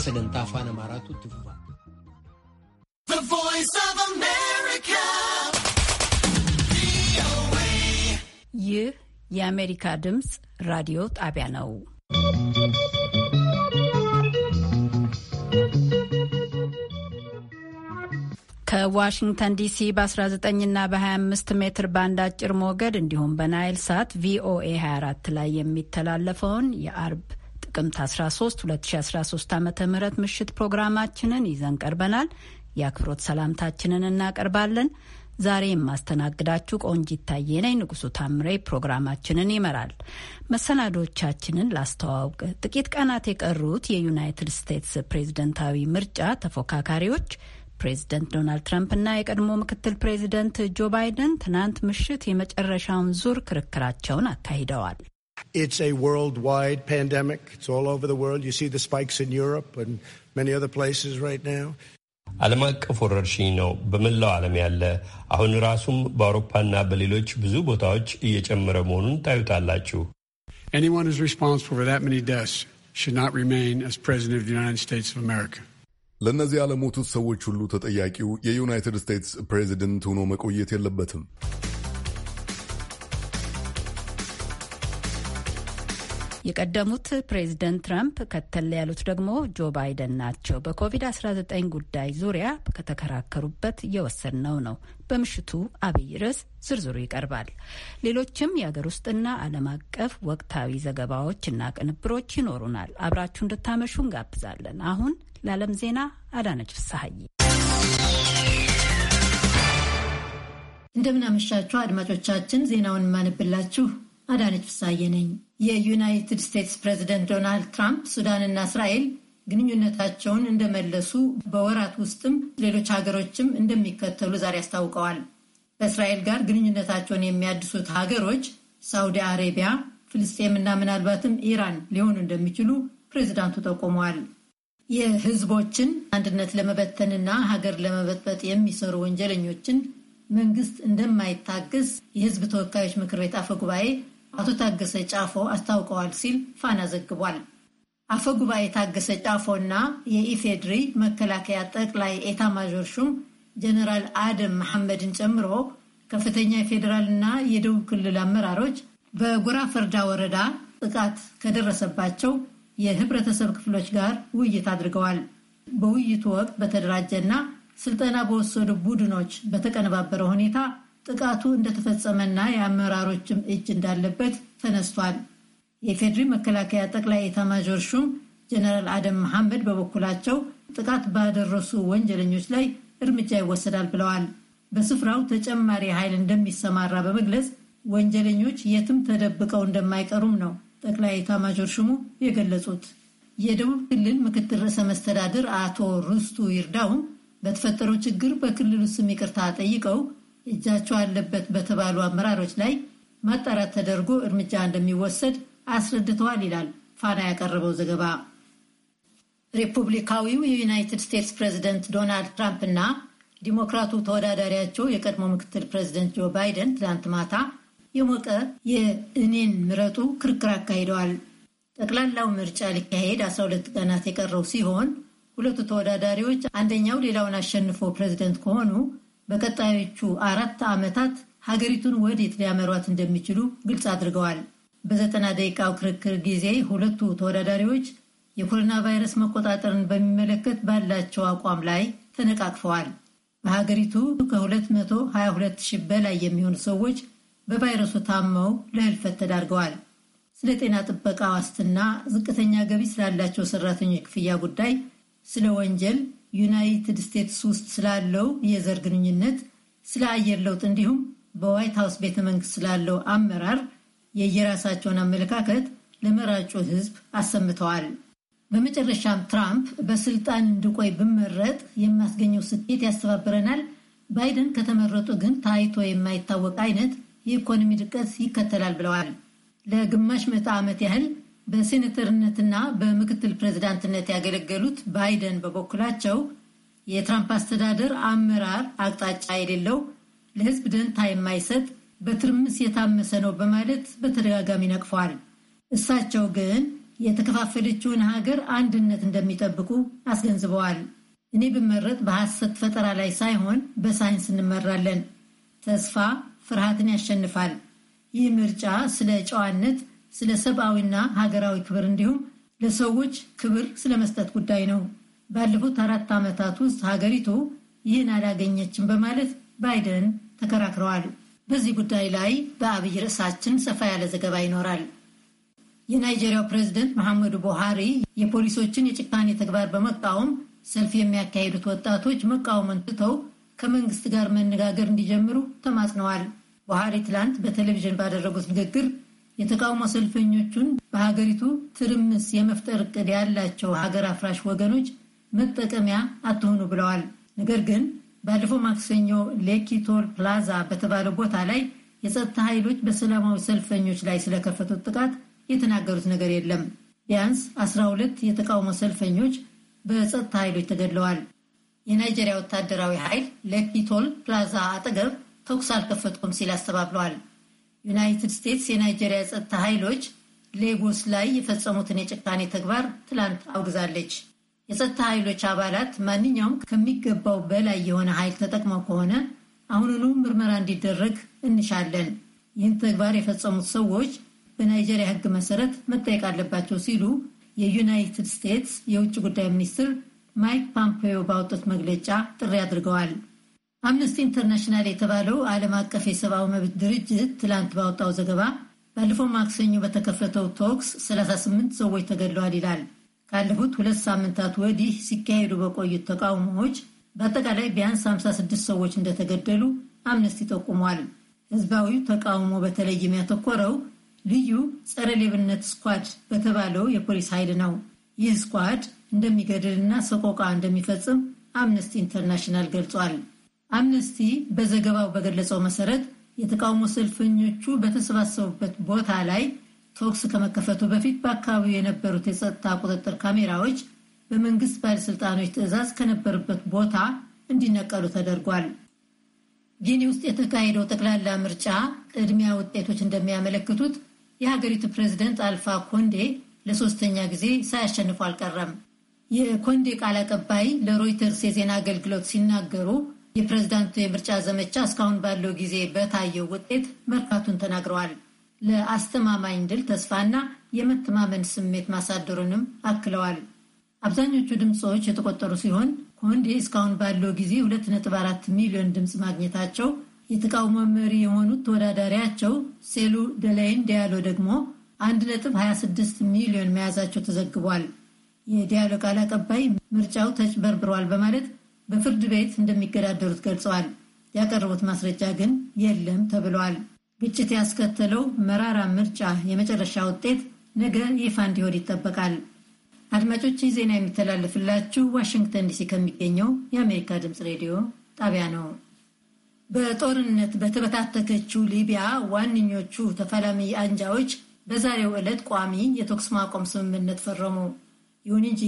Sagantaa afaan Amaaraatu itti fufa. ይህ የአሜሪካ ድምፅ ራዲዮ ጣቢያ ነው። ከዋሽንግተን ዲሲ በ19 ና በ25 ሜትር ባንድ አጭር ሞገድ እንዲሁም በናይል ሳት ቪኦኤ 24 ላይ የሚተላለፈውን የአርብ ጥቅምት 13 2013 ዓ ም ምሽት ፕሮግራማችንን ይዘን ቀርበናል። የአክብሮት ሰላምታችንን እናቀርባለን። ዛሬ የማስተናግዳችሁ ቆንጂ ታየ ነኝ። ንጉሱ ታምሬ ፕሮግራማችንን ይመራል። መሰናዶቻችንን ላስተዋውቅ። ጥቂት ቀናት የቀሩት የዩናይትድ ስቴትስ ፕሬዝደንታዊ ምርጫ ተፎካካሪዎች ፕሬዚደንት ዶናልድ ትራምፕና የቀድሞ ምክትል ፕሬዚደንት ጆ ባይደን ትናንት ምሽት የመጨረሻውን ዙር ክርክራቸውን አካሂደዋል። It's a worldwide pandemic. It's all over the world. You see the spikes in Europe and many other places right now. Anyone who's responsible for that many deaths should not remain as President of the United States of America. ለእነዚህ ያለሞቱት ሰዎች ሁሉ ተጠያቂው የዩናይትድ ስቴትስ ፕሬዚደንት ሆኖ መቆየት የለበትም። የቀደሙት ፕሬዚደንት ትራምፕ ከተል ያሉት ደግሞ ጆ ባይደን ናቸው። በኮቪድ-19 ጉዳይ ዙሪያ ከተከራከሩበት የወሰንነው ነው። በምሽቱ አብይ ርዕስ ዝርዝሩ ይቀርባል። ሌሎችም የአገር ውስጥና ዓለም አቀፍ ወቅታዊ ዘገባዎች እና ቅንብሮች ይኖሩናል። አብራችሁ እንድታመሹ እንጋብዛለን። አሁን ለዓለም ዜና አዳነች ፍስሐይ። እንደምናመሻችሁ አድማጮቻችን፣ ዜናውን የማነብላችሁ አዳነች ፍስሐዬ ነኝ። የዩናይትድ ስቴትስ ፕሬዚደንት ዶናልድ ትራምፕ ሱዳንና እስራኤል ግንኙነታቸውን እንደመለሱ በወራት ውስጥም ሌሎች ሀገሮችም እንደሚከተሉ ዛሬ አስታውቀዋል። ከእስራኤል ጋር ግንኙነታቸውን የሚያድሱት ሀገሮች ሳውዲ አሬቢያ፣ ፍልስጤምና ምናልባትም ኢራን ሊሆኑ እንደሚችሉ ፕሬዚዳንቱ ጠቁመዋል። የህዝቦችን አንድነት ለመበተንና ሀገር ለመበጥበጥ የሚሰሩ ወንጀለኞችን መንግስት እንደማይታገስ የህዝብ ተወካዮች ምክር ቤት አፈ ጉባኤ አቶ ታገሰ ጫፎ አስታውቀዋል ሲል ፋና ዘግቧል። አፈ ጉባኤ ታገሰ ጫፎ እና የኢፌድሪ መከላከያ ጠቅላይ ኤታ ማዦር ሹም ጀነራል አደም መሐመድን ጨምሮ ከፍተኛ የፌዴራልና የደቡብ ክልል አመራሮች በጎራ ፈርዳ ወረዳ ጥቃት ከደረሰባቸው የህብረተሰብ ክፍሎች ጋር ውይይት አድርገዋል። በውይይቱ ወቅት በተደራጀና ስልጠና በወሰዱ ቡድኖች በተቀነባበረ ሁኔታ ጥቃቱ እንደተፈጸመና የአመራሮችም እጅ እንዳለበት ተነስቷል። የፌድሪ መከላከያ ጠቅላይ ኤታማዦር ሹም ጀነራል አደም መሐመድ በበኩላቸው ጥቃት ባደረሱ ወንጀለኞች ላይ እርምጃ ይወሰዳል ብለዋል። በስፍራው ተጨማሪ ኃይል እንደሚሰማራ በመግለጽ ወንጀለኞች የትም ተደብቀው እንደማይቀሩም ነው ጠቅላይ ኤታማዦር ሹሙ የገለጹት። የደቡብ ክልል ምክትል ርዕሰ መስተዳድር አቶ ሩስቱ ይርዳውም በተፈጠረው ችግር በክልሉ ስም ይቅርታ ጠይቀው እጃቸው አለበት በተባሉ አመራሮች ላይ ማጣራት ተደርጎ እርምጃ እንደሚወሰድ አስረድተዋል ይላል ፋና ያቀረበው ዘገባ። ሪፑብሊካዊው የዩናይትድ ስቴትስ ፕሬዚደንት ዶናልድ ትራምፕ እና ዲሞክራቱ ተወዳዳሪያቸው የቀድሞ ምክትል ፕሬዚደንት ጆ ባይደን ትላንት ማታ የሞቀ የእኔን ምረጡ ክርክር አካሂደዋል። ጠቅላላው ምርጫ ሊካሄድ 12 ቀናት የቀረው ሲሆን ሁለቱ ተወዳዳሪዎች አንደኛው ሌላውን አሸንፎ ፕሬዚደንት ከሆኑ በቀጣዮቹ አራት ዓመታት ሀገሪቱን ወዴት ሊያመሯት እንደሚችሉ ግልጽ አድርገዋል። በዘጠና ደቂቃው ክርክር ጊዜ ሁለቱ ተወዳዳሪዎች የኮሮና ቫይረስ መቆጣጠርን በሚመለከት ባላቸው አቋም ላይ ተነቃቅፈዋል። በሀገሪቱ ከ222 ሺህ በላይ የሚሆኑ ሰዎች በቫይረሱ ታመው ለህልፈት ተዳርገዋል። ስለ ጤና ጥበቃ ዋስትና፣ ዝቅተኛ ገቢ ስላላቸው ሰራተኞች ክፍያ ጉዳይ፣ ስለ ወንጀል ዩናይትድ ስቴትስ ውስጥ ስላለው የዘር ግንኙነት፣ ስለ አየር ለውጥ እንዲሁም በዋይት ሀውስ ቤተ መንግስት ስላለው አመራር የየራሳቸውን አመለካከት ለመራጩ ህዝብ አሰምተዋል። በመጨረሻም ትራምፕ በስልጣን እንድቆይ ብመረጥ የማስገኘው ስኬት ያስተባብረናል፣ ባይደን ከተመረጡ ግን ታይቶ የማይታወቅ አይነት የኢኮኖሚ ድቀት ይከተላል ብለዋል። ለግማሽ ምዕተ ዓመት ያህል በሴኔተርነትና በምክትል ፕሬዚዳንትነት ያገለገሉት ባይደን በበኩላቸው የትራምፕ አስተዳደር አመራር አቅጣጫ የሌለው ለሕዝብ ደንታ የማይሰጥ በትርምስ የታመሰ ነው በማለት በተደጋጋሚ ነቅፈዋል። እሳቸው ግን የተከፋፈለችውን ሀገር አንድነት እንደሚጠብቁ አስገንዝበዋል። እኔ ብመረጥ በሐሰት ፈጠራ ላይ ሳይሆን በሳይንስ እንመራለን። ተስፋ ፍርሃትን ያሸንፋል። ይህ ምርጫ ስለ ጨዋነት ስለ ሰብአዊና ሀገራዊ ክብር እንዲሁም ለሰዎች ክብር ስለመስጠት ጉዳይ ነው። ባለፉት አራት ዓመታት ውስጥ ሀገሪቱ ይህን አላገኘችም በማለት ባይደን ተከራክረዋል። በዚህ ጉዳይ ላይ በአብይ ርዕሳችን ሰፋ ያለ ዘገባ ይኖራል። የናይጄሪያው ፕሬዚደንት መሐመዱ ቡሃሪ የፖሊሶችን የጭካኔ ተግባር በመቃወም ሰልፍ የሚያካሂዱት ወጣቶች መቃወምን ትተው ከመንግስት ጋር መነጋገር እንዲጀምሩ ተማጽነዋል። ቡሃሪ ትላንት በቴሌቪዥን ባደረጉት ንግግር የተቃውሞ ሰልፈኞቹን በሀገሪቱ ትርምስ የመፍጠር እቅድ ያላቸው ሀገር አፍራሽ ወገኖች መጠቀሚያ አትሆኑ ብለዋል። ነገር ግን ባለፈው ማክሰኞ ሌኪቶል ፕላዛ በተባለው ቦታ ላይ የጸጥታ ኃይሎች በሰላማዊ ሰልፈኞች ላይ ስለከፈቱት ጥቃት የተናገሩት ነገር የለም። ቢያንስ 12 የተቃውሞ ሰልፈኞች በጸጥታ ኃይሎች ተገድለዋል። የናይጄሪያ ወታደራዊ ኃይል ሌኪቶል ፕላዛ አጠገብ ተኩስ አልከፈትኩም ሲል አስተባብለዋል። ዩናይትድ ስቴትስ የናይጄሪያ ጸጥታ ኃይሎች ሌጎስ ላይ የፈጸሙትን የጭካኔ ተግባር ትላንት አውግዛለች። የጸጥታ ኃይሎች አባላት ማንኛውም ከሚገባው በላይ የሆነ ኃይል ተጠቅመው ከሆነ አሁኑኑ ምርመራ እንዲደረግ እንሻለን። ይህን ተግባር የፈጸሙት ሰዎች በናይጀሪያ ሕግ መሰረት መጠየቅ አለባቸው ሲሉ የዩናይትድ ስቴትስ የውጭ ጉዳይ ሚኒስትር ማይክ ፓምፔዮ ባወጡት መግለጫ ጥሪ አድርገዋል። አምነስቲ ኢንተርናሽናል የተባለው ዓለም አቀፍ የሰብአዊ መብት ድርጅት ትላንት ባወጣው ዘገባ ባለፈው ማክሰኞ በተከፈተው ቶክስ 38 ሰዎች ተገድለዋል ይላል። ካለፉት ሁለት ሳምንታት ወዲህ ሲካሄዱ በቆዩት ተቃውሞዎች በአጠቃላይ ቢያንስ 56 ሰዎች እንደተገደሉ አምነስቲ ጠቁሟል። ህዝባዊ ተቃውሞ በተለይ የሚያተኮረው ልዩ ጸረ ሌብነት ስኳድ በተባለው የፖሊስ ኃይል ነው። ይህ ስኳድ እንደሚገድልና ሰቆቃ እንደሚፈጽም አምነስቲ ኢንተርናሽናል ገልጿል። አምነስቲ በዘገባው በገለጸው መሰረት የተቃውሞ ሰልፈኞቹ በተሰባሰቡበት ቦታ ላይ ተኩስ ከመከፈቱ በፊት በአካባቢው የነበሩት የጸጥታ ቁጥጥር ካሜራዎች በመንግስት ባለሥልጣኖች ትዕዛዝ ከነበሩበት ቦታ እንዲነቀሉ ተደርጓል። ጊኒ ውስጥ የተካሄደው ጠቅላላ ምርጫ ቅድሚያ ውጤቶች እንደሚያመለክቱት የሀገሪቱ ፕሬዚደንት አልፋ ኮንዴ ለሶስተኛ ጊዜ ሳያሸንፉ አልቀረም። የኮንዴ ቃል አቀባይ ለሮይተርስ የዜና አገልግሎት ሲናገሩ የፕሬዝዳንቱ የምርጫ ዘመቻ እስካሁን ባለው ጊዜ በታየው ውጤት መርካቱን ተናግረዋል። ለአስተማማኝ ድል ተስፋና የመተማመን ስሜት ማሳደሩንም አክለዋል። አብዛኞቹ ድምፆች የተቆጠሩ ሲሆን ኮንዴ እስካሁን ባለው ጊዜ 2.4 ሚሊዮን ድምፅ ማግኘታቸው፣ የተቃውሞ መሪ የሆኑት ተወዳዳሪያቸው ሴሉ ደላይን ዲያሎ ደግሞ 1.26 ሚሊዮን መያዛቸው ተዘግቧል። የዲያሎ ቃል አቀባይ ምርጫው ተጭበርብሯል በማለት በፍርድ ቤት እንደሚገዳደሩት ገልጸዋል። ያቀረቡት ማስረጃ ግን የለም ተብለዋል። ግጭት ያስከተለው መራራ ምርጫ የመጨረሻ ውጤት ነገ ይፋ እንዲሆን ይጠበቃል። አድማጮች ይህ ዜና የሚተላለፍላችሁ ዋሽንግተን ዲሲ ከሚገኘው የአሜሪካ ድምፅ ሬዲዮ ጣቢያ ነው። በጦርነት በተበታተከችው ሊቢያ ዋነኞቹ ተፋላሚ አንጃዎች በዛሬው ዕለት ቋሚ የተኩስ ማቆም ስምምነት ፈረሙ። ይሁን እንጂ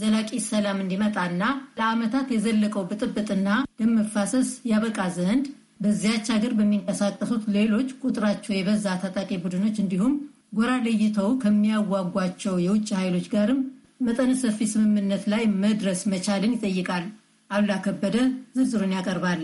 ዘላቂ ሰላም እንዲመጣና ለዓመታት የዘለቀው ብጥብጥና ደም መፋሰስ ያበቃ ዘንድ በዚያች ሀገር በሚንቀሳቀሱት ሌሎች ቁጥራቸው የበዛ ታጣቂ ቡድኖች እንዲሁም ጎራ ለይተው ከሚያዋጓቸው የውጭ ኃይሎች ጋርም መጠነ ሰፊ ስምምነት ላይ መድረስ መቻልን ይጠይቃል። አሉላ ከበደ ዝርዝሩን ያቀርባል።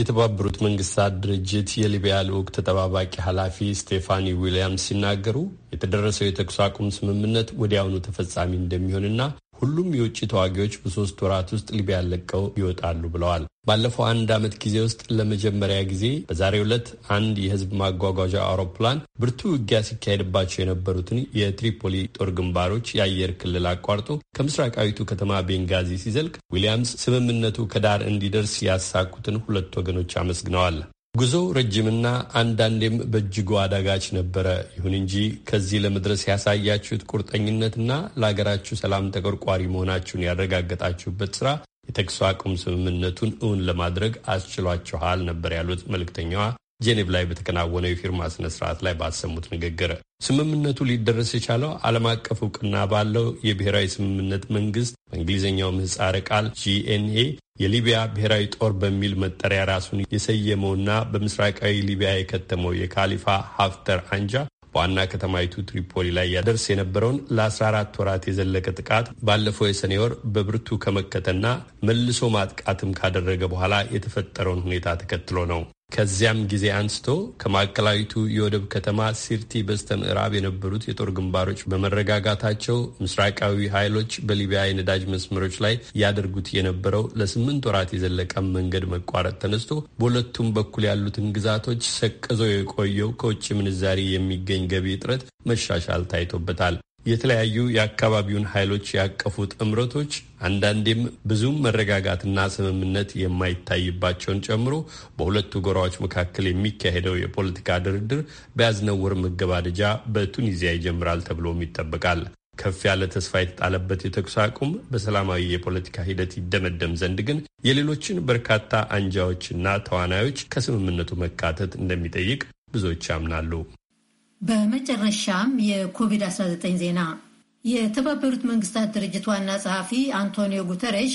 የተባበሩት መንግስታት ድርጅት የሊቢያ ልዑክ ተጠባባቂ ኃላፊ ስቴፋኒ ዊሊያምስ ሲናገሩ የተደረሰው የተኩስ አቁም ስምምነት ወዲያውኑ ተፈጻሚ እንደሚሆንና ሁሉም የውጭ ተዋጊዎች በሶስት ወራት ውስጥ ሊቢያን ለቀው ይወጣሉ ብለዋል። ባለፈው አንድ ዓመት ጊዜ ውስጥ ለመጀመሪያ ጊዜ በዛሬው ዕለት አንድ የህዝብ ማጓጓዣ አውሮፕላን ብርቱ ውጊያ ሲካሄድባቸው የነበሩትን የትሪፖሊ ጦር ግንባሮች የአየር ክልል አቋርጦ ከምስራቃዊቱ ከተማ ቤንጋዚ ሲዘልቅ ዊሊያምስ ስምምነቱ ከዳር እንዲደርስ ያሳኩትን ሁለት ወገኖች አመስግነዋል። ጉዞው ረጅምና አንዳንዴም በእጅጉ አዳጋች ነበረ። ይሁን እንጂ ከዚህ ለመድረስ ያሳያችሁት ቁርጠኝነትና ለሀገራችሁ ሰላም ተቆርቋሪ መሆናችሁን ያረጋገጣችሁበት ስራ የተኩስ አቁም ስምምነቱን እውን ለማድረግ አስችሏችኋል ነበር ያሉት መልእክተኛዋ ጄኔቭ ላይ በተከናወነው የፊርማ ስነ ስርዓት ላይ ባሰሙት ንግግር ስምምነቱ ሊደረስ የቻለው ዓለም አቀፍ እውቅና ባለው የብሔራዊ ስምምነት መንግስት በእንግሊዝኛው ምህጻረ ቃል ጂኤንኤ የሊቢያ ብሔራዊ ጦር በሚል መጠሪያ ራሱን የሰየመውና በምስራቃዊ ሊቢያ የከተመው የካሊፋ ሀፍተር አንጃ ዋና ከተማይቱ ትሪፖሊ ላይ ያደርስ የነበረውን ለ14 ወራት የዘለቀ ጥቃት ባለፈው የሰኔ ወር በብርቱ ከመከተና መልሶ ማጥቃትም ካደረገ በኋላ የተፈጠረውን ሁኔታ ተከትሎ ነው። ከዚያም ጊዜ አንስቶ ከማዕከላዊቱ የወደብ ከተማ ሲርቲ በስተ ምዕራብ የነበሩት የጦር ግንባሮች በመረጋጋታቸው ምስራቃዊ ኃይሎች በሊቢያ የነዳጅ መስመሮች ላይ ያደርጉት የነበረው ለስምንት ወራት የዘለቀ መንገድ መቋረጥ ተነስቶ በሁለቱም በኩል ያሉትን ግዛቶች ሰቅዞ የቆየው ከውጭ ምንዛሪ የሚገኝ ገቢ እጥረት መሻሻል ታይቶበታል። የተለያዩ የአካባቢውን ኃይሎች ያቀፉ ጥምረቶች አንዳንዴም ብዙም መረጋጋትና ስምምነት የማይታይባቸውን ጨምሮ በሁለቱ ጎራዎች መካከል የሚካሄደው የፖለቲካ ድርድር በያዝነው ወር መገባደጃ በቱኒዚያ ይጀምራል ተብሎም ይጠበቃል። ከፍ ያለ ተስፋ የተጣለበት የተኩስ አቁም በሰላማዊ የፖለቲካ ሂደት ይደመደም ዘንድ ግን የሌሎችን በርካታ አንጃዎችና ተዋናዮች ከስምምነቱ መካተት እንደሚጠይቅ ብዙዎች ያምናሉ። በመጨረሻም የኮቪድ-19 ዜና። የተባበሩት መንግስታት ድርጅት ዋና ጸሐፊ አንቶኒዮ ጉተሬሽ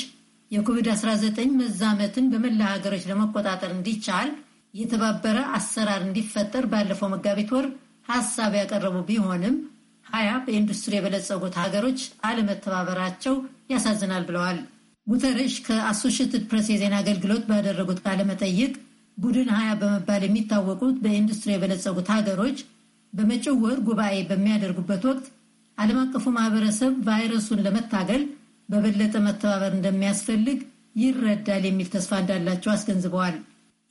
የኮቪድ-19 መዛመትን በመላ ሀገሮች ለመቆጣጠር እንዲቻል የተባበረ አሰራር እንዲፈጠር ባለፈው መጋቢት ወር ሀሳብ ያቀረቡ ቢሆንም ሀያ በኢንዱስትሪ የበለጸጉት ሀገሮች አለመተባበራቸው ያሳዝናል ብለዋል። ጉተረሽ ከአሶሽትድ ፕሬስ የዜና አገልግሎት ባደረጉት ቃለመጠይቅ ቡድን ሀያ በመባል የሚታወቁት በኢንዱስትሪ የበለጸጉት ሀገሮች በመጪው ወር ጉባኤ በሚያደርጉበት ወቅት ዓለም አቀፉ ማህበረሰብ ቫይረሱን ለመታገል በበለጠ መተባበር እንደሚያስፈልግ ይረዳል የሚል ተስፋ እንዳላቸው አስገንዝበዋል።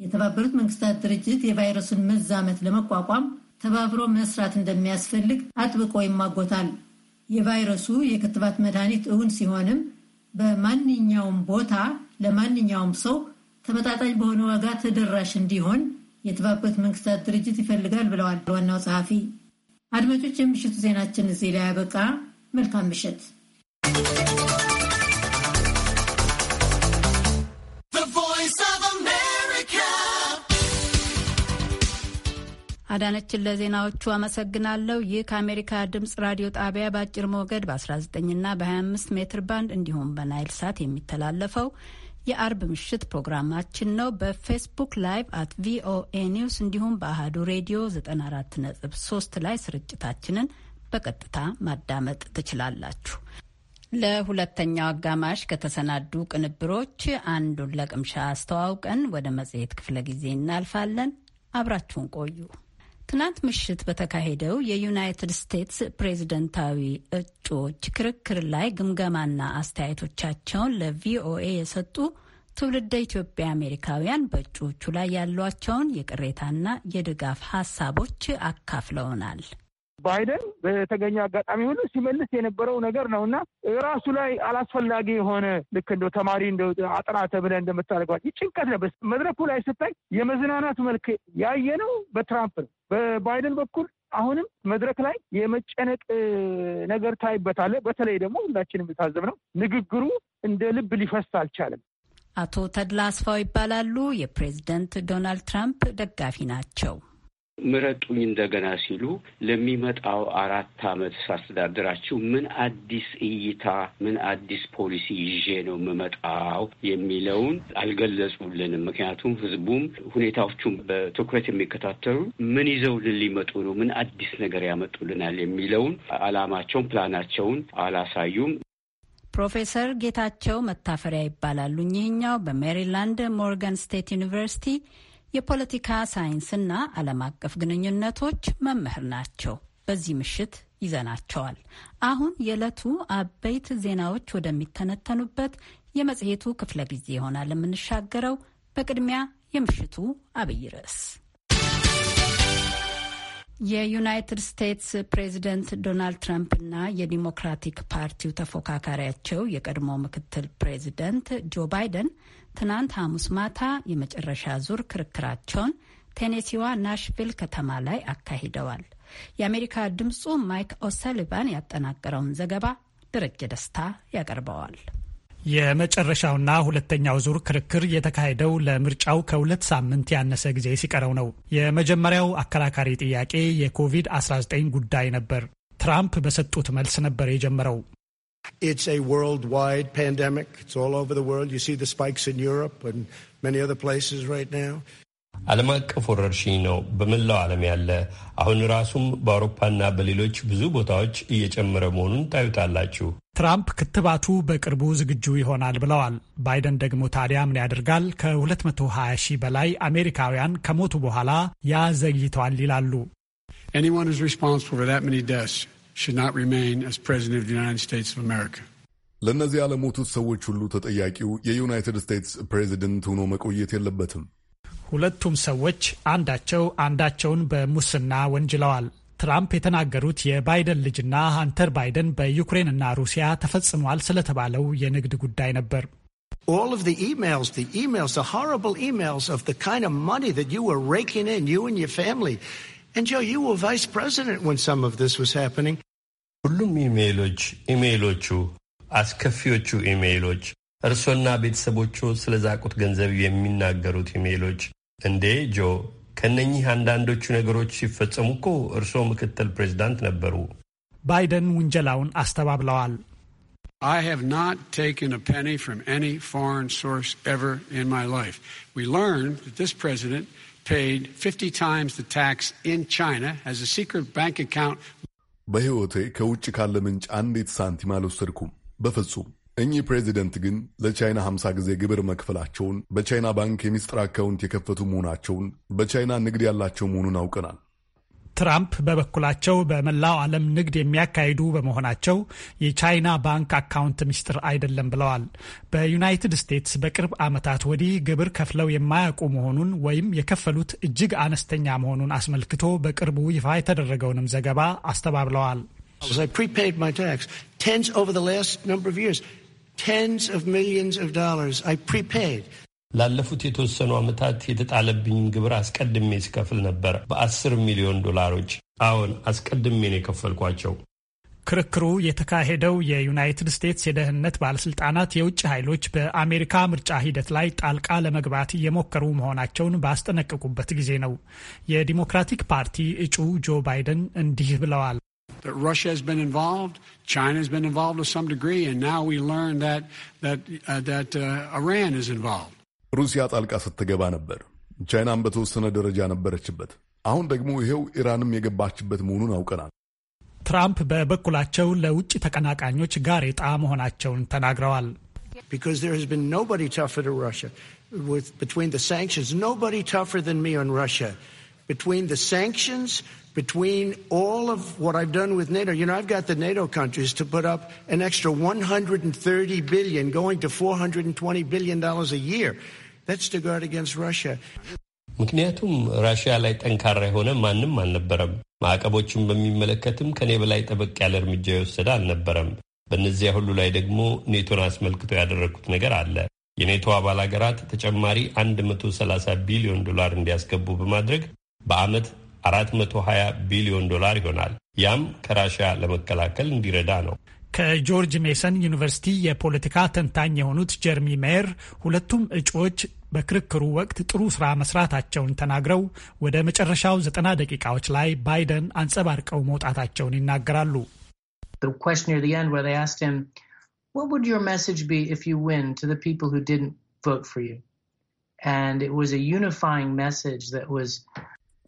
የተባበሩት መንግስታት ድርጅት የቫይረሱን መዛመት ለመቋቋም ተባብሮ መስራት እንደሚያስፈልግ አጥብቆ ይማጎታል። የቫይረሱ የክትባት መድኃኒት እውን ሲሆንም በማንኛውም ቦታ ለማንኛውም ሰው ተመጣጣኝ በሆነ ዋጋ ተደራሽ እንዲሆን የተባበሩት መንግስታት ድርጅት ይፈልጋል ብለዋል ዋናው ጸሐፊ። አድማጮች፣ የምሽቱ ዜናችን እዚህ ላይ ያበቃ። መልካም ምሽት። አዳነችን ለዜናዎቹ አመሰግናለሁ። ይህ ከአሜሪካ ድምፅ ራዲዮ ጣቢያ በአጭር ሞገድ በ19ና በ25 ሜትር ባንድ እንዲሁም በናይል ሳት የሚተላለፈው የአርብ ምሽት ፕሮግራማችን ነው። በፌስቡክ ላይቭ አት ቪኦኤ ኒውስ እንዲሁም በአህዱ ሬዲዮ 94.3 ላይ ስርጭታችንን በቀጥታ ማዳመጥ ትችላላችሁ። ለሁለተኛው አጋማሽ ከተሰናዱ ቅንብሮች አንዱን ለቅምሻ አስተዋውቀን ወደ መጽሔት ክፍለ ጊዜ እናልፋለን። አብራችሁን ቆዩ። ትናንት ምሽት በተካሄደው የዩናይትድ ስቴትስ ፕሬዝደንታዊ እጩዎች ክርክር ላይ ግምገማና አስተያየቶቻቸውን ለቪኦኤ የሰጡ ትውልደ ኢትዮጵያ አሜሪካውያን በእጩዎቹ ላይ ያሏቸውን የቅሬታና የድጋፍ ሀሳቦች አካፍለውናል። ባይደን በተገኘ አጋጣሚ ሁሉ ሲመልስ የነበረው ነገር ነው እና ራሱ ላይ አላስፈላጊ የሆነ ልክ እንደ ተማሪ እንደ አጥና ተብለ እንደምታደርገዋል ጭንቀት ነበር። መድረኩ ላይ ስታይ የመዝናናት መልክ ያየ ነው በትራምፕ ነው በባይደን በኩል አሁንም መድረክ ላይ የመጨነቅ ነገር ታይበታለ። በተለይ ደግሞ ሁላችንም የታዘብነው ንግግሩ እንደ ልብ ሊፈስ አልቻለም። አቶ ተድላ አስፋው ይባላሉ። የፕሬዝደንት ዶናልድ ትራምፕ ደጋፊ ናቸው። ምረጡኝ እንደገና ሲሉ ለሚመጣው አራት ዓመት ሳስተዳድራችሁ ምን አዲስ እይታ ምን አዲስ ፖሊሲ ይዤ ነው የምመጣው የሚለውን አልገለጹልንም። ምክንያቱም ህዝቡም ሁኔታዎቹን በትኩረት የሚከታተሉ ምን ይዘውልን ሊመጡ ነው፣ ምን አዲስ ነገር ያመጡልናል የሚለውን አላማቸውን፣ ፕላናቸውን አላሳዩም። ፕሮፌሰር ጌታቸው መታፈሪያ ይባላሉ። እኚህኛው በሜሪላንድ ሞርጋን ስቴት ዩኒቨርሲቲ የፖለቲካ ሳይንስና ዓለም አቀፍ ግንኙነቶች መምህር ናቸው። በዚህ ምሽት ይዘናቸዋል። አሁን የዕለቱ አበይት ዜናዎች ወደሚተነተኑበት የመጽሔቱ ክፍለ ጊዜ ይሆናል የምንሻገረው። በቅድሚያ የምሽቱ አብይ ርዕስ የዩናይትድ ስቴትስ ፕሬዚደንት ዶናልድ እና የዲሞክራቲክ ፓርቲው ተፎካካሪያቸው የቀድሞ ምክትል ፕሬዚደንት ጆ ባይደን ትናንት ሐሙስ ማታ የመጨረሻ ዙር ክርክራቸውን ቴኔሲዋ ናሽቪል ከተማ ላይ አካሂደዋል። የአሜሪካ ድምጹ ማይክ ኦሰሊቫን ያጠናቀረውን ዘገባ ደረጀ ደስታ ያቀርበዋል። የመጨረሻውና ሁለተኛው ዙር ክርክር የተካሄደው ለምርጫው ከሁለት ሳምንት ያነሰ ጊዜ ሲቀረው ነው። የመጀመሪያው አከራካሪ ጥያቄ የኮቪድ-19 ጉዳይ ነበር። ትራምፕ በሰጡት መልስ ነበር የጀመረው። It's a worldwide pandemic. It's all over the world. You see the spikes in Europe and many other places right now. ዓለም አቀፍ ወረርሽኝ ነው፣ በመላው ዓለም ያለ። አሁን ራሱም በአውሮፓና በሌሎች ብዙ ቦታዎች እየጨመረ መሆኑን ታዩታላችሁ። ትራምፕ ክትባቱ በቅርቡ ዝግጁ ይሆናል ብለዋል። ባይደን ደግሞ ታዲያ ምን ያደርጋል? ከ220 ሺህ በላይ አሜሪካውያን ከሞቱ በኋላ ያ ዘግይተዋል ይላሉ። anyone who's responsible for that many deaths should not remain as president of the United States of America. ለእነዚህ ያለሞቱት ሰዎች ሁሉ ተጠያቂው የዩናይትድ ስቴትስ ፕሬዚደንት ሆኖ መቆየት የለበትም። ሁለቱም ሰዎች አንዳቸው አንዳቸውን በሙስና ወንጅለዋል። ትራምፕ የተናገሩት የባይደን ልጅና ሃንተር ባይደን በዩክሬንና ሩሲያ ተፈጽሟል ስለተባለው የንግድ ጉዳይ ነበር። All of the emails, the emails, the horrible emails of the kind of money that you were raking in, you and your family. And Joe, you were vice president when some of this was happening. ሁሉም ኢሜይሎች ኢሜይሎቹ አስከፊዎቹ ኢሜይሎች እርሶና ቤተሰቦቹ ስለ ዛቁት ገንዘብ የሚናገሩት ኢሜይሎች እንዴ ጆ፣ ከነኚህ አንዳንዶቹ ነገሮች ሲፈጸሙ እኮ እርሶ ምክትል ፕሬዚዳንት ነበሩ። ባይደን ውንጀላውን አስተባብለዋል። ፒ ፊፍቲ ታይምስ ታክስ ኢን ቻይና ሃዝ ባንክ አካውንት በሕይወቴ ከውጭ ካለ ምንጭ አንዲት ሳንቲም አልወሰድኩም በፍጹም። እኚህ ፕሬዚደንት ግን ለቻይና 50 ጊዜ ግብር መክፈላቸውን፣ በቻይና ባንክ የሚስጥር አካውንት የከፈቱ መሆናቸውን፣ በቻይና ንግድ ያላቸው መሆኑን አውቀናል። ትራምፕ በበኩላቸው በመላው ዓለም ንግድ የሚያካሂዱ በመሆናቸው የቻይና ባንክ አካውንት ሚስጥር አይደለም ብለዋል። በዩናይትድ ስቴትስ በቅርብ ዓመታት ወዲህ ግብር ከፍለው የማያውቁ መሆኑን ወይም የከፈሉት እጅግ አነስተኛ መሆኑን አስመልክቶ በቅርቡ ይፋ የተደረገውንም ዘገባ አስተባብለዋል። ላለፉት የተወሰኑ ዓመታት የተጣለብኝ ግብር አስቀድሜ ስከፍል ነበር በአስር ሚሊዮን ዶላሮች። አዎን አስቀድሜ ነው የከፈልኳቸው። ክርክሩ የተካሄደው የዩናይትድ ስቴትስ የደህንነት ባለስልጣናት የውጭ ኃይሎች በአሜሪካ ምርጫ ሂደት ላይ ጣልቃ ለመግባት እየሞከሩ መሆናቸውን ባስጠነቀቁበት ጊዜ ነው። የዲሞክራቲክ ፓርቲ እጩ ጆ ባይደን እንዲህ ብለዋል። ሩሲያ ሩሲያ ጣልቃ ስትገባ ነበር። ቻይናም በተወሰነ ደረጃ ነበረችበት። አሁን ደግሞ ይሄው ኢራንም የገባችበት መሆኑን አውቀናል። ትራምፕ በበኩላቸው ለውጭ ተቀናቃኞች ጋሬጣ መሆናቸውን ተናግረዋል። ሳንክሽንስ between all of what I've done with NATO, you know, I've got the NATO countries to put up an extra 130 billion going to 420 billion dollars a year. That's to guard against Russia. ምክንያቱም ራሽያ ላይ ጠንካራ የሆነ ማንም አልነበረም። ማዕቀቦችን በሚመለከትም ከኔ በላይ ጠበቅ ያለ እርምጃ የወሰደ አልነበረም። በእነዚያ ሁሉ ላይ ደግሞ ኔቶን አስመልክቶ ያደረግኩት ነገር አለ። የኔቶ አባል ሀገራት ተጨማሪ 130 ቢሊዮን ዶላር እንዲያስገቡ በማድረግ በዓመት 420 ቢሊዮን ዶላር ይሆናል። ያም ከራሽያ ለመከላከል እንዲረዳ ነው። ከጆርጅ ሜሰን ዩኒቨርሲቲ የፖለቲካ ተንታኝ የሆኑት ጀርሚ ሜየር ሁለቱም እጩዎች በክርክሩ ወቅት ጥሩ ስራ መስራታቸውን ተናግረው ወደ መጨረሻው ዘጠና ደቂቃዎች ላይ ባይደን አንጸባርቀው መውጣታቸውን ይናገራሉ።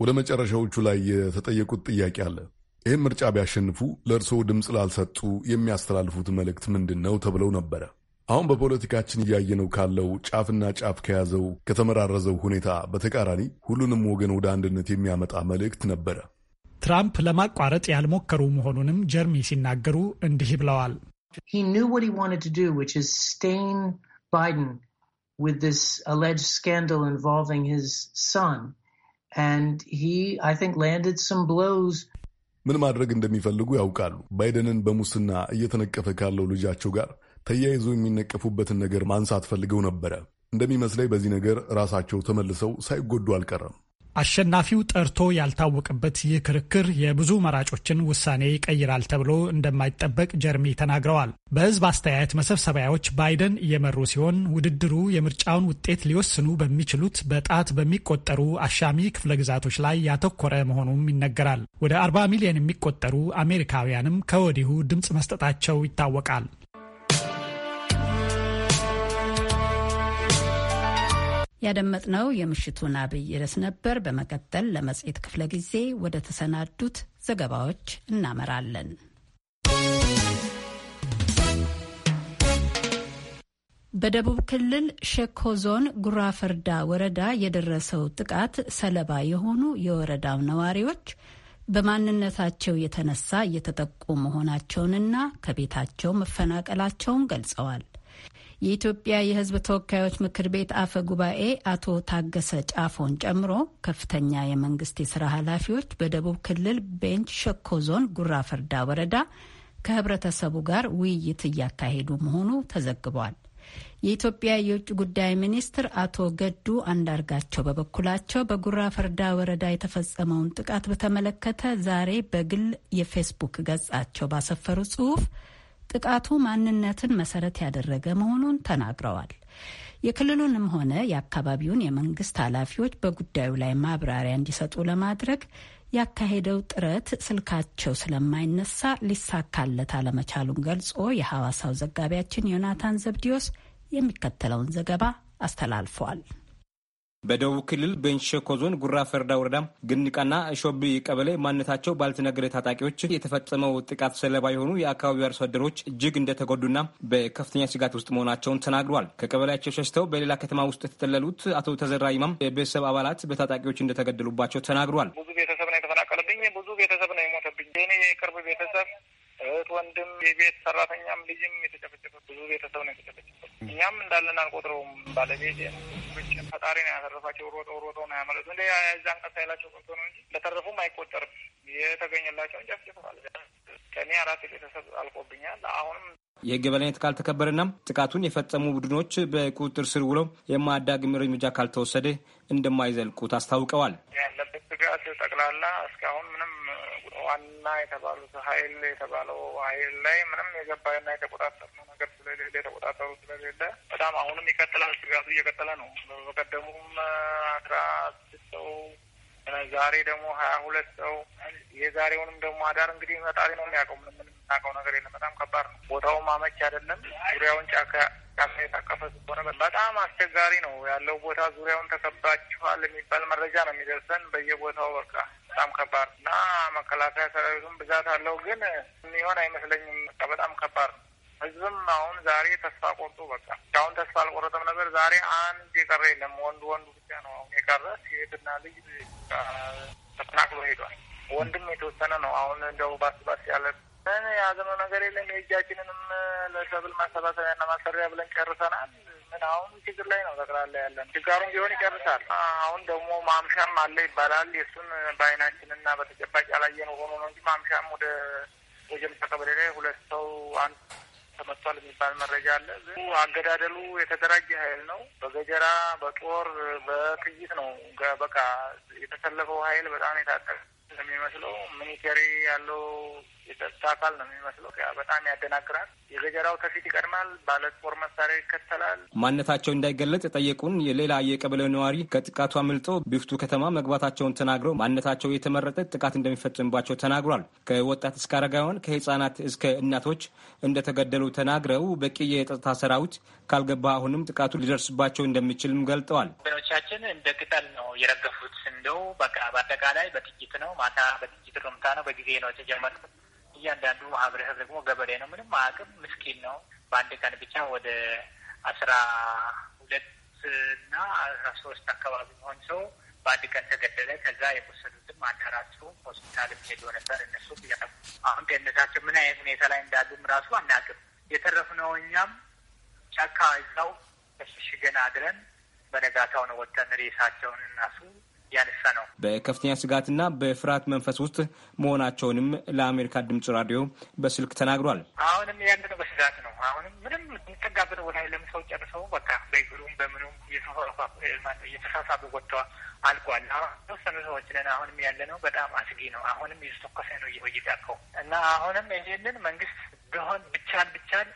ወደ መጨረሻዎቹ ላይ የተጠየቁት ጥያቄ አለ። ይህም ምርጫ ቢያሸንፉ ለእርስዎ ድምፅ ላልሰጡ የሚያስተላልፉት መልእክት ምንድን ነው ተብለው ነበረ። አሁን በፖለቲካችን እያየነው ካለው ጫፍና ጫፍ ከያዘው ከተመራረዘው ሁኔታ በተቃራኒ ሁሉንም ወገን ወደ አንድነት የሚያመጣ መልእክት ነበረ። ትራምፕ ለማቋረጥ ያልሞከሩ መሆኑንም ጀርሚ ሲናገሩ እንዲህ ብለዋል። ባይደን with this alleged scandal involving and he, I think, landed some blows. ምን ማድረግ እንደሚፈልጉ ያውቃሉ። ባይደንን በሙስና እየተነቀፈ ካለው ልጃቸው ጋር ተያይዞ የሚነቀፉበትን ነገር ማንሳት ፈልገው ነበረ። እንደሚመስለኝ በዚህ ነገር ራሳቸው ተመልሰው ሳይጎዱ አልቀረም። አሸናፊው ጠርቶ ያልታወቀበት ይህ ክርክር የብዙ መራጮችን ውሳኔ ይቀይራል ተብሎ እንደማይጠበቅ ጀርሚ ተናግረዋል። በሕዝብ አስተያየት መሰብሰቢያዎች ባይደን እየመሩ ሲሆን ውድድሩ የምርጫውን ውጤት ሊወስኑ በሚችሉት በጣት በሚቆጠሩ አሻሚ ክፍለ ግዛቶች ላይ ያተኮረ መሆኑም ይነገራል። ወደ 40 ሚሊዮን የሚቆጠሩ አሜሪካውያንም ከወዲሁ ድምፅ መስጠታቸው ይታወቃል። ያደመጥነው የምሽቱን አብይ ርዕስ ነበር። በመቀጠል ለመጽሔት ክፍለ ጊዜ ወደ ተሰናዱት ዘገባዎች እናመራለን። በደቡብ ክልል ሸኮ ዞን ጉራፈርዳ ወረዳ የደረሰው ጥቃት ሰለባ የሆኑ የወረዳው ነዋሪዎች በማንነታቸው የተነሳ እየተጠቁ መሆናቸውንና ከቤታቸው መፈናቀላቸውን ገልጸዋል። የኢትዮጵያ የሕዝብ ተወካዮች ምክር ቤት አፈ ጉባኤ አቶ ታገሰ ጫፎን ጨምሮ ከፍተኛ የመንግስት የስራ ኃላፊዎች በደቡብ ክልል ቤንች ሸኮ ዞን ጉራ ፈርዳ ወረዳ ከህብረተሰቡ ጋር ውይይት እያካሄዱ መሆኑ ተዘግቧል። የኢትዮጵያ የውጭ ጉዳይ ሚኒስትር አቶ ገዱ አንዳርጋቸው በበኩላቸው በጉራ ፈርዳ ወረዳ የተፈጸመውን ጥቃት በተመለከተ ዛሬ በግል የፌስቡክ ገጻቸው ባሰፈሩ ጽሁፍ ጥቃቱ ማንነትን መሰረት ያደረገ መሆኑን ተናግረዋል። የክልሉንም ሆነ የአካባቢውን የመንግስት ኃላፊዎች በጉዳዩ ላይ ማብራሪያ እንዲሰጡ ለማድረግ ያካሄደው ጥረት ስልካቸው ስለማይነሳ ሊሳካለት አለመቻሉን ገልጾ የሐዋሳው ዘጋቢያችን ዮናታን ዘብዲዮስ የሚከተለውን ዘገባ አስተላልፏል። በደቡብ ክልል ቤንች ሸኮ ዞን ጉራ ፈርዳ ወረዳ ግንቃና ሾቢ ቀበሌ ማንነታቸው ባልተነገረ ታጣቂዎች የተፈጸመው ጥቃት ሰለባ የሆኑ የአካባቢው አርሶ አደሮች እጅግ እንደተጎዱና በከፍተኛ ስጋት ውስጥ መሆናቸውን ተናግሯል። ከቀበሌያቸው ሸሽተው በሌላ ከተማ ውስጥ የተጠለሉት አቶ ተዘራ ይማም የቤተሰብ አባላት በታጣቂዎች እንደተገደሉባቸው ተናግሯል። ብዙ ቤተሰብ ነው የተፈናቀለብኝ። ብዙ ቤተሰብ ነው የሞተብኝ። የኔ የቅርብ ቤተሰብ እህት ወንድም፣ የቤት ሰራተኛም ልጅም የተጨፈጨፈ ብዙ ቤተሰብ ነው የተጨፈጨፈ። እኛም እንዳለን አልቆጥረውም። ባለቤት ፈጣሪ ነው ያተረፋቸው። ሮጠው ሮጠው ነው ያመለጡ። እንደ ያዛን ቀሳ ይላቸው ቆንቶ ነው እንጂ ለተረፉም አይቆጠርም። የተገኘላቸውን ጨፍጭፈዋል። ከእኔ አራት ቤተሰብ አልቆብኛል። አሁንም የህግ የበላይነት ካልተከበረና ጥቃቱን የፈጸሙ ቡድኖች በቁጥጥር ስር ውለው የማያዳግም እርምጃ ካልተወሰደ እንደማይዘልቁት አስታውቀዋል። ያለበት ስጋት ጠቅላላ እስካሁን ምንም ሀይልና የተባሉት ሀይል የተባለው ሀይል ላይ ምንም የገባና ነው ነገር ስለሌለ የተቆጣጠሩ ስለሌለ በጣም አሁንም ይቀጥላል። ስጋቱ እየቀጠለ ነው። በቀደሙም አስራ ስድስት ሰው ዛሬ ደግሞ ሀያ ሁለት ሰው የዛሬውንም ደግሞ አዳር እንግዲህ ይመጣል ነው የሚያውቀው። ምንም የምናውቀው ነገር የለም። በጣም ከባድ ነው። ቦታውም አመች አይደለም። ዙሪያውን ጫካ ጫካ የታቀፈ ስለሆነ በጣም አስቸጋሪ ነው ያለው ቦታ። ዙሪያውን ተከባችኋል የሚባል መረጃ ነው የሚደርሰን በየቦታው በቃ በጣም ከባድ እና መከላከያ ሰራዊቱም ብዛት አለው፣ ግን የሚሆን አይመስለኝም። በጣም ከባድ ነው። ህዝብም አሁን ዛሬ ተስፋ ቆርጦ በቃ አሁን ተስፋ አልቆረጠም ነበር። ዛሬ አንድ የቀረ የለም። ወንዱ ወንዱ ብቻ ነው አሁን የቀረ። ሴትና ልጅ ተፈናቅሎ ሄዷል። ወንድም የተወሰነ ነው። አሁን እንደው ባስ ባስ ያለ ምን የያዝነው ነገር የለም። የእጃችንንም ለሰብል ማሰባሰቢያና ማሰሪያ ብለን ጨርሰናል። ምን አሁን ችግር ላይ ነው ጠቅላላ ያለን። ችጋሩም ቢሆን ይጨርሳል። አሁን ደግሞ ማምሻም አለ ይባላል። የእሱን በአይናችንና በተጨባጭ አላየን ሆኖ ነው እንጂ ማምሻም ወደ ወጀምሳ ቀበሌ ላይ ሁለት ሰው አንድ ተመቷል የሚባል መረጃ አለ። አገዳደሉ የተደራጀ ኃይል ነው። በገጀራ በጦር በጥይት ነው። በቃ የተሰለፈው ኃይል በጣም የታጠቀ እንደሚመስለው ሚኒቴሪ ያለው የጸጥታ አካል ነው የሚመስለው። በጣም ያደናግራል። የገጀራው ከፊት ይቀድማል። ባለ ጦር መሳሪያ ይከተላል። ማንነታቸው እንዳይገለጽ የጠየቁን የሌላ የቀበሌው ነዋሪ ከጥቃቱ አምልጦ ቢፍቱ ከተማ መግባታቸውን ተናግረው ማንነታቸው የተመረጠ ጥቃት እንደሚፈጽምባቸው ተናግሯል። ከወጣት እስከ አረጋውያን፣ ከህጻናት እስከ እናቶች እንደተገደሉ ተናግረው በቂ የጸጥታ ሰራዊት ካልገባ አሁንም ጥቃቱ ሊደርስባቸው እንደሚችልም ገልጠዋል። ወገኖቻችን እንደ ቅጠል ነው የረገፉት። እንደው በቃ በአጠቃላይ በጥይት ነው ማታ በጥይት ሩምታ ነው በጊዜ ነው የተጀመረው እያንዳንዱ ማህበረሰብ ደግሞ ገበሬ ነው፣ ምንም አቅም ምስኪን ነው። በአንድ ቀን ብቻ ወደ አስራ ሁለት እና አስራ ሶስት አካባቢ ሆን ሰው በአንድ ቀን ተገደለ። ከዛ የቆሰሉትም አንድ ሆስፒታል ሆስፒታልም ሄዶ ነበር። እነሱ አሁን ጤንነታቸው ምን አይነት ሁኔታ ላይ እንዳሉም ራሱ አናቅም። የተረፍነው እኛም ጫካ እዛው ተሸሽገን አድረን በነጋታው ነው ወጥተን ሬሳቸውን እናሱ ያነሳ ነው። በከፍተኛ ስጋትና በፍርሃት መንፈስ ውስጥ መሆናቸውንም ለአሜሪካ ድምጽ ራዲዮ በስልክ ተናግሯል። አሁንም ያለነው በስጋት ነው። አሁንም ምንም የሚጠጋበት ቦታ የለም። ሰው ጨርሰው በቃ በእግሩም በምኑም እየተሳሳቡ ወጥተዋል፣ አልቋል። ተወሰኑ ሰዎች ነን። አሁንም ያለ ነው። በጣም አስጊ ነው። አሁንም እየተተኮሰ ነው እየጫካው እና አሁንም ይሄንን መንግስት ቢሆን ብቻን ብቻን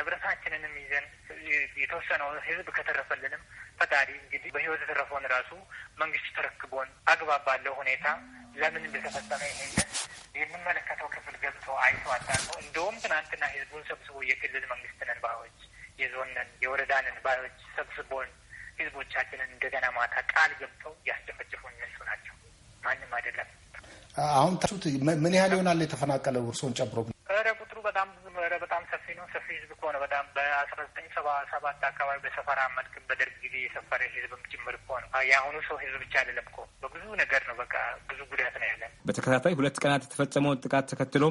ንብረታችንንም ይዘን የተወሰነው ህዝብ ከተረፈልንም ፈጣሪ እንግዲህ በህይወት የተረፈውን ራሱ መንግስት ተረክቦን አግባብ ባለው ሁኔታ ለምን እንደተፈጸመ ይሄንን የሚመለከተው ክፍል ገብቶ አይቶ አጣርቶ እንደውም ትናንትና ህዝቡን ሰብስቦ የክልል መንግስትንን ባዮች የዞንን የወረዳንን ባዮች ሰብስቦን ህዝቦቻችንን እንደገና ማታ ቃል ገብተው ያስጨፈጭፉ እነሱ ናቸው፣ ማንም አይደለም። አሁን ምን ያህል ይሆናል የተፈናቀለው እርስዎን ጨምሮ? ህዝብ ከሆነ በጣም በአስራ ዘጠኝ ሰባ ሰባት አካባቢ በሰፈራ መልክም በደርግ ጊዜ የሰፈረ ህዝብም ጭምር እኮ ነው። የአሁኑ ሰው ህዝብ ብቻ አይደለም እኮ በብዙ ነገር ነው። በቃ ብዙ ጉዳት ነው ያለን። በተከታታይ ሁለት ቀናት የተፈጸመውን ጥቃት ተከትሎ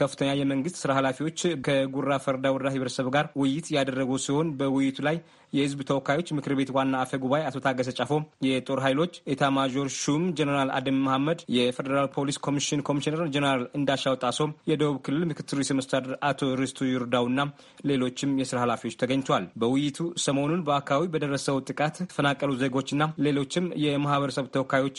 ከፍተኛ የመንግስት ስራ ኃላፊዎች ከጉራ ፈርዳ ወረዳ ህብረተሰብ ጋር ውይይት ያደረጉ ሲሆን በውይይቱ ላይ የህዝብ ተወካዮች ምክር ቤት ዋና አፈ ጉባኤ አቶ ታገሰ ጫፎ፣ የጦር ኃይሎች ኤታማዦር ሹም ጀነራል አደም መሐመድ፣ የፌዴራል ፖሊስ ኮሚሽን ኮሚሽነር ጀነራል እንዳሻው ጣሶ፣ የደቡብ ክልል ምክትል ርዕሰ መስተዳድር አቶ ርስቱ ይርዳውና ሌሎችም የስራ ኃላፊዎች ተገኝተዋል። በውይይቱ ሰሞኑን በአካባቢ በደረሰው ጥቃት የተፈናቀሉ ዜጎችና ሌሎችም የማህበረሰብ ተወካዮች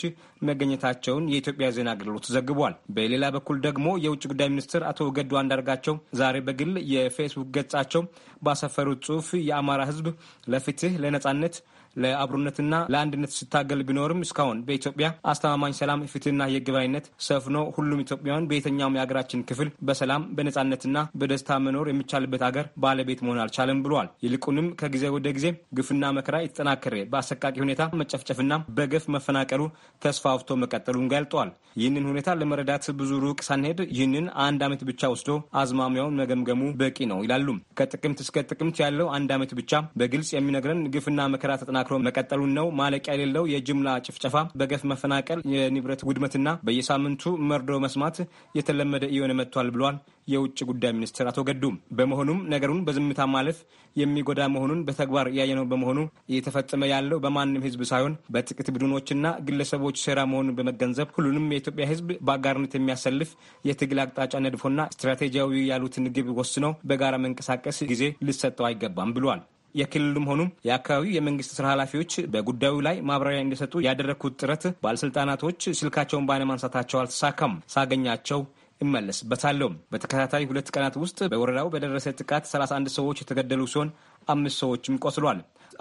መገኘታቸውን የኢትዮጵያ ዜና አገልግሎት ዘግቧል። በሌላ በኩል ደግሞ የውጭ ጉዳይ ሚኒስትር አቶ ገዱ አንዳርጋቸው ዛሬ በግል የፌስቡክ ገጻቸው ባሰፈሩት ጽሁፍ የአማራ ህዝብ ለፍትህ ለነጻነት ለአብሮነትና ለአንድነት ስታገል ቢኖርም እስካሁን በኢትዮጵያ አስተማማኝ ሰላም፣ ፍትህና የግባይነት ሰፍኖ ሁሉም ኢትዮጵያውያን በየትኛውም የሀገራችን ክፍል በሰላም በነጻነትና በደስታ መኖር የሚቻልበት አገር ባለቤት መሆን አልቻለም ብሏል። ይልቁንም ከጊዜ ወደ ጊዜ ግፍና መከራ የተጠናከረ በአሰቃቂ ሁኔታ መጨፍጨፍና በገፍ መፈናቀሉ ተስፋፍቶ መቀጠሉን ገልጧል። ይህንን ሁኔታ ለመረዳት ብዙ ሩቅ ሳንሄድ ይህንን አንድ ዓመት ብቻ ወስዶ አዝማሚያውን መገምገሙ በቂ ነው ይላሉ። ከጥቅምት እስከ ጥቅምት ያለው አንድ ዓመት ብቻ በግልጽ የሚነግረን ግፍና መከራ ተጠና ተጠናክሮ መቀጠሉን ነው። ማለቂያ የሌለው የጅምላ ጭፍጨፋ፣ በገፍ መፈናቀል፣ የንብረት ውድመትና በየሳምንቱ መርዶ መስማት የተለመደ እየሆነ መጥቷል ብሏል የውጭ ጉዳይ ሚኒስትር አቶ ገዱም። በመሆኑም ነገሩን በዝምታ ማለፍ የሚጎዳ መሆኑን በተግባር እያየነው በመሆኑ እየተፈጸመ ያለው በማንም ህዝብ ሳይሆን በጥቂት ቡድኖችና ግለሰቦች ሴራ መሆኑን በመገንዘብ ሁሉንም የኢትዮጵያ ህዝብ በአጋርነት የሚያሰልፍ የትግል አቅጣጫ ነድፎና ስትራቴጂያዊ ያሉትን ግብ ወስነው በጋራ መንቀሳቀስ ጊዜ ሊሰጠው አይገባም ብሏል። የክልሉም ሆኑም የአካባቢው የመንግስት ስራ ኃላፊዎች በጉዳዩ ላይ ማብራሪያ እንዲሰጡ ያደረግኩት ጥረት ባለስልጣናቶች ስልካቸውን ባለማንሳታቸው አልተሳካም። ሳገኛቸው እመለስበታለሁ። በተከታታይ ሁለት ቀናት ውስጥ በወረዳው በደረሰ ጥቃት 31 ሰዎች የተገደሉ ሲሆን አምስት ሰዎችም ቆስሏል።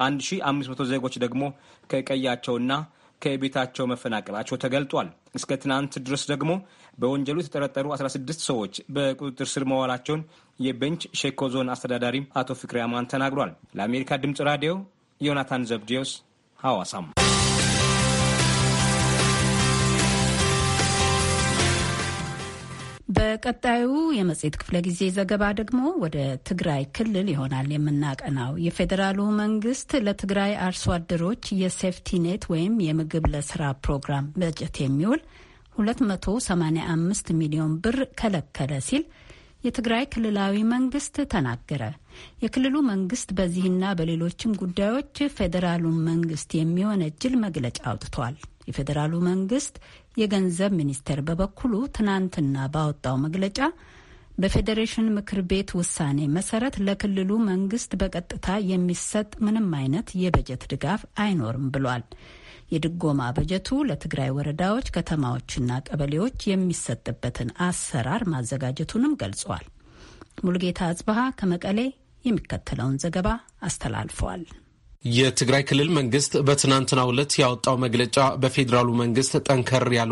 1500 ዜጎች ደግሞ ከቀያቸውና ከቤታቸው መፈናቀላቸው ተገልጧል። እስከ ትናንት ድረስ ደግሞ በወንጀሉ የተጠረጠሩ 16 ሰዎች በቁጥጥር ስር መዋላቸውን የቤንች ሼኮ ዞን አስተዳዳሪም አቶ ፍቅሪ አማን ተናግሯል። ለአሜሪካ ድምጽ ራዲዮ ዮናታን ዘብዲዮስ ሐዋሳም በቀጣዩ የመጽሔት ክፍለ ጊዜ ዘገባ ደግሞ ወደ ትግራይ ክልል ይሆናል የምናቀናው። የፌዴራሉ መንግስት ለትግራይ አርሶ አደሮች የሴፍቲ ኔት ወይም የምግብ ለስራ ፕሮግራም በጀት የሚውል 285 ሚሊዮን ብር ከለከለ ሲል የትግራይ ክልላዊ መንግስት ተናገረ። የክልሉ መንግስት በዚህና በሌሎችም ጉዳዮች ፌዴራሉን መንግስት የሚወነጅል መግለጫ አውጥቷል። የፌዴራሉ መንግስት የገንዘብ ሚኒስቴር በበኩሉ ትናንትና ባወጣው መግለጫ በፌዴሬሽን ምክር ቤት ውሳኔ መሰረት ለክልሉ መንግስት በቀጥታ የሚሰጥ ምንም አይነት የበጀት ድጋፍ አይኖርም ብሏል። የድጎማ በጀቱ ለትግራይ ወረዳዎች፣ ከተማዎችና ቀበሌዎች የሚሰጥበትን አሰራር ማዘጋጀቱንም ገልጿል። ሙልጌታ አጽበሃ ከመቀሌ የሚከተለውን ዘገባ አስተላልፈዋል። የትግራይ ክልል መንግስት በትናንትናው ዕለት ያወጣው መግለጫ በፌዴራሉ መንግስት ጠንከር ያሉ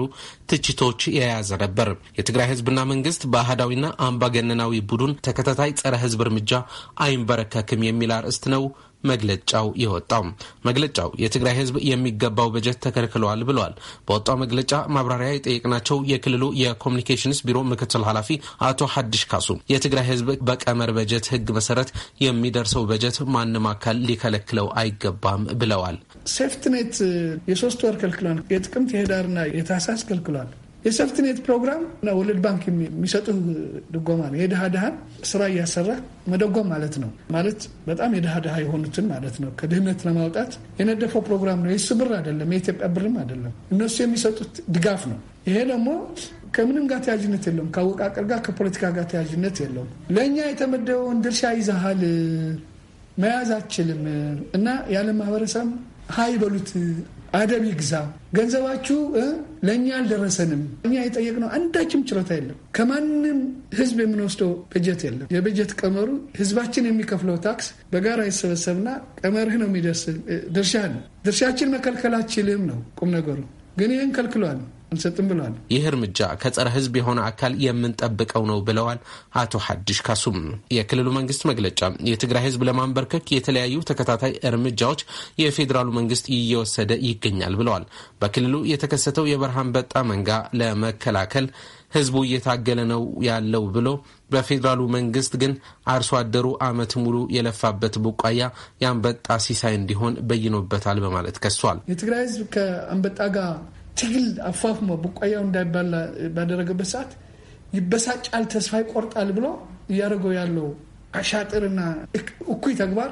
ትችቶች የያዘ ነበር። የትግራይ ህዝብና መንግስት በአህዳዊና አምባገነናዊ ቡድን ተከታታይ ጸረ ህዝብ እርምጃ አይንበረከክም የሚል አርዕስት ነው መግለጫው የወጣው። መግለጫው የትግራይ ህዝብ የሚገባው በጀት ተከልክለዋል ብለዋል። በወጣው መግለጫ ማብራሪያ የጠየቅናቸው የክልሉ የኮሚኒኬሽንስ ቢሮ ምክትል ኃላፊ አቶ ሀዲሽ ካሱ የትግራይ ህዝብ በቀመር በጀት ህግ መሰረት የሚደርሰው በጀት ማንም አካል ሊከለክለው አይገባም ብለዋል። ሴፍትኔት የሶስት ወር ከልክሏል። የጥቅምት የህዳርና የታህሳስ ከልክሏል። የሰፍትኔት ፕሮግራም ወለድ ባንክ የሚሰጡ ድጎማ ነው። የድሃ ድሃ ስራ እያሰራ መደጎም ማለት ነው። ማለት በጣም የድሃ ድሃ የሆኑትን ማለት ነው። ከድህነት ለማውጣት የነደፈው ፕሮግራም ነው። የሱ ብር አይደለም፣ የኢትዮጵያ ብርም አይደለም። እነሱ የሚሰጡት ድጋፍ ነው። ይሄ ደግሞ ከምንም ጋር ተያዥነት የለውም። ከአወቃቀር ጋር ከፖለቲካ ጋር ተያዥነት የለውም። ለእኛ የተመደበውን ድርሻ ይዛሃል መያዝ አችልም እና ያለ ማህበረሰብ ሀይ በሉት፣ አደብ ይግዛ። ገንዘባችሁ ለእኛ አልደረሰንም። እኛ የጠየቅነው አንዳችም ችሎታ የለም። ከማንም ህዝብ የምንወስደው በጀት የለም። የበጀት ቀመሩ ህዝባችን የሚከፍለው ታክስ በጋራ ይሰበሰብና ቀመርህ ነው የሚደርስ ድርሻ ነው። ድርሻችን መከልከል አችልም ነው ቁም ነገሩ። ግን ይህን ከልክሏል። አንሰጥም ብለዋል። ይህ እርምጃ ከጸረ ህዝብ የሆነ አካል የምንጠብቀው ነው ብለዋል አቶ ሀዲሽ ካሱም። የክልሉ መንግስት መግለጫ የትግራይ ህዝብ ለማንበርከክ የተለያዩ ተከታታይ እርምጃዎች የፌዴራሉ መንግስት እየወሰደ ይገኛል ብለዋል። በክልሉ የተከሰተው የበረሃ አንበጣ መንጋ ለመከላከል ህዝቡ እየታገለ ነው ያለው ብሎ በፌዴራሉ መንግስት ግን አርሶ አደሩ አመት ሙሉ የለፋበት ቡቃያ የአንበጣ ሲሳይ እንዲሆን በይኖበታል በማለት ከሷል። የትግራይ ህዝብ ከአንበጣ ጋር ትግል አፋፍ ቡቋያው እንዳይባላ ባደረገበት ሰዓት ይበሳጫል፣ ተስፋ ይቆርጣል ብሎ እያደረገው ያለው አሻጥርና እኩይ ተግባር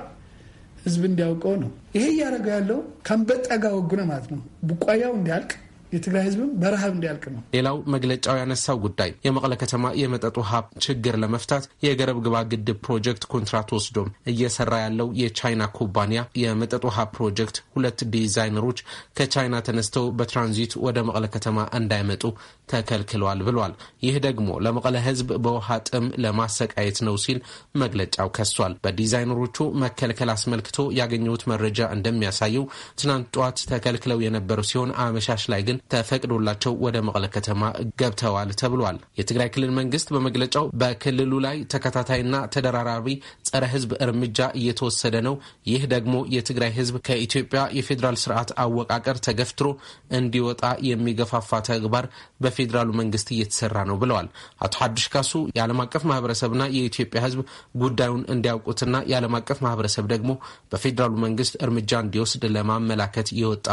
ህዝብ እንዲያውቀው ነው። ይሄ እያደረገው ያለው ከአንበጣ ጋር ወጉ ማለት ነው። ቡቋያው እንዲያልቅ የትግራይ ህዝብም በረሃብ እንዲያልቅ ነው። ሌላው መግለጫው ያነሳው ጉዳይ የመቀለ ከተማ የመጠጥ ውሃ ችግር ለመፍታት የገረብ ግባ ግድብ ፕሮጀክት ኮንትራት ወስዶም እየሰራ ያለው የቻይና ኩባንያ የመጠጥ ውሃ ፕሮጀክት ሁለት ዲዛይነሮች ከቻይና ተነስተው በትራንዚት ወደ መቀለ ከተማ እንዳይመጡ ተከልክለዋል ብሏል። ይህ ደግሞ ለመቀለ ህዝብ በውሃ ጥም ለማሰቃየት ነው ሲል መግለጫው ከሷል። በዲዛይነሮቹ መከልከል አስመልክቶ ያገኘሁት መረጃ እንደሚያሳየው ትናንት ጠዋት ተከልክለው የነበሩ ሲሆን አመሻሽ ላይ ግን ግን ተፈቅዶላቸው ወደ መቀለ ከተማ ገብተዋል ተብሏል። የትግራይ ክልል መንግስት በመግለጫው በክልሉ ላይ ተከታታይና ተደራራቢ ጸረ ህዝብ እርምጃ እየተወሰደ ነው። ይህ ደግሞ የትግራይ ህዝብ ከኢትዮጵያ የፌዴራል ስርዓት አወቃቀር ተገፍትሮ እንዲወጣ የሚገፋፋ ተግባር በፌዴራሉ መንግስት እየተሰራ ነው ብለዋል። አቶ ሀዱሽ ካሱ የዓለም አቀፍ ማህበረሰብና የኢትዮጵያ ህዝብ ጉዳዩን እንዲያውቁትና የዓለም አቀፍ ማህበረሰብ ደግሞ በፌዴራሉ መንግስት እርምጃ እንዲወስድ ለማመላከት የወጣ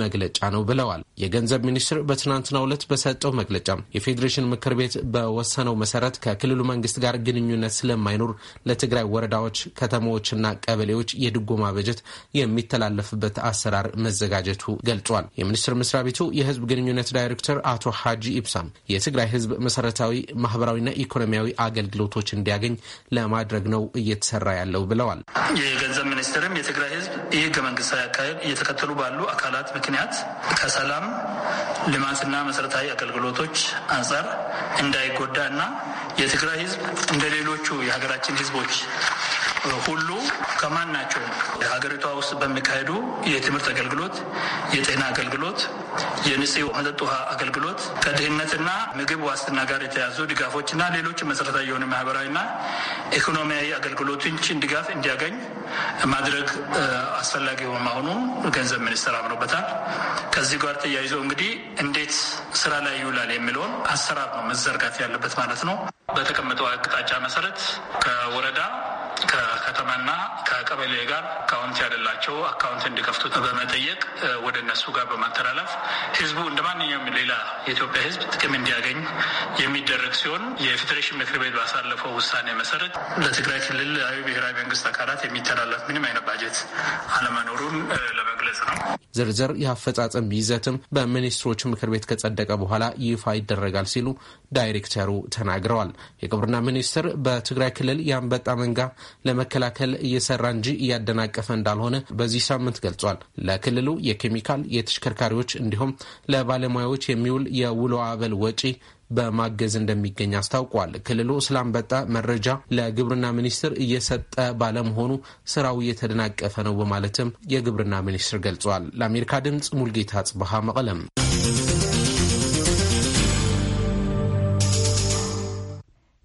መግለጫ ነው ብለዋል። የገንዘብ ሚኒስትር በትናንትናው ዕለት በሰጠው መግለጫ የፌዴሬሽን ምክር ቤት በወሰነው መሰረት ከክልሉ መንግስት ጋር ግንኙነት ስለማይኖር ለትግራይ ወረዳዎች፣ ከተሞችና ቀበሌዎች የድጎማ በጀት የሚተላለፍበት አሰራር መዘጋጀቱ ገልጿል። የሚኒስትር መስሪያ ቤቱ የህዝብ ግንኙነት ዳይሬክተር አቶ ሀጂ ኢብሳም የትግራይ ህዝብ መሰረታዊ ማህበራዊና ኢኮኖሚያዊ አገልግሎቶች እንዲያገኝ ለማድረግ ነው እየተሰራ ያለው ብለዋል። የገንዘብ ሚኒስትርም የትግራይ ህዝብ የህገ መንግስታዊ አካሄድ እየተከተሉ ባሉ አካላት ምክንያት ከሰላም ልማትና መሰረታዊ አገልግሎቶች አንጻር እንዳይጎዳ እና የትግራይ ህዝብ እንደ ሌሎቹ የሀገራችን ህዝቦች ሁሉ ናቸው ሀገሪቷ ውስጥ በሚካሄዱ የትምህርት አገልግሎት፣ የጤና አገልግሎት፣ የንጹህ መጠጥ ውሃ አገልግሎት ከድህነትና ምግብ ዋስትና ጋር የተያዙ ድጋፎችና ሌሎች መሰረታዊ የሆነ ማህበራዊና ኢኮኖሚያዊ አገልግሎቶችን ድጋፍ እንዲያገኝ ማድረግ አስፈላጊ መሆኑ ገንዘብ ሚኒስትር አምሮበታል። ከዚህ ጋር ተያይዞ እንግዲህ እንዴት ስራ ላይ ይውላል የሚለውን አሰራር ነው መዘርጋት ያለበት ማለት ነው። በተቀመጠው አቅጣጫ መሰረት ከወረዳ uh, ከተማና ከቀበሌ ጋር አካውንት ያደላቸው አካውንት እንዲከፍቱ በመጠየቅ ወደ እነሱ ጋር በማተላለፍ ህዝቡ እንደ ማንኛውም ሌላ የኢትዮጵያ ህዝብ ጥቅም እንዲያገኝ የሚደረግ ሲሆን የፌዴሬሽን ምክር ቤት ባሳለፈው ውሳኔ መሰረት ለትግራይ ክልል አዊ ብሔራዊ መንግስት አካላት የሚተላለፍ ምንም አይነት ባጀት አለመኖሩን ለመግለጽ ነው። ዝርዝር የአፈጻጸም ይዘትም በሚኒስትሮች ምክር ቤት ከጸደቀ በኋላ ይፋ ይደረጋል ሲሉ ዳይሬክተሩ ተናግረዋል። የግብርና ሚኒስትር በትግራይ ክልል የአንበጣ መንጋ ለመከላ ለመከላከል እየሰራ እንጂ እያደናቀፈ እንዳልሆነ በዚህ ሳምንት ገልጿል። ለክልሉ የኬሚካል የተሽከርካሪዎች እንዲሁም ለባለሙያዎች የሚውል የውሎ አበል ወጪ በማገዝ እንደሚገኝ አስታውቋል። ክልሉ ስላንበጣ መረጃ ለግብርና ሚኒስቴር እየሰጠ ባለመሆኑ ስራው እየተደናቀፈ ነው በማለትም የግብርና ሚኒስቴር ገልጿል። ለአሜሪካ ድምፅ ሙልጌታ ጽብሃ መቀለም።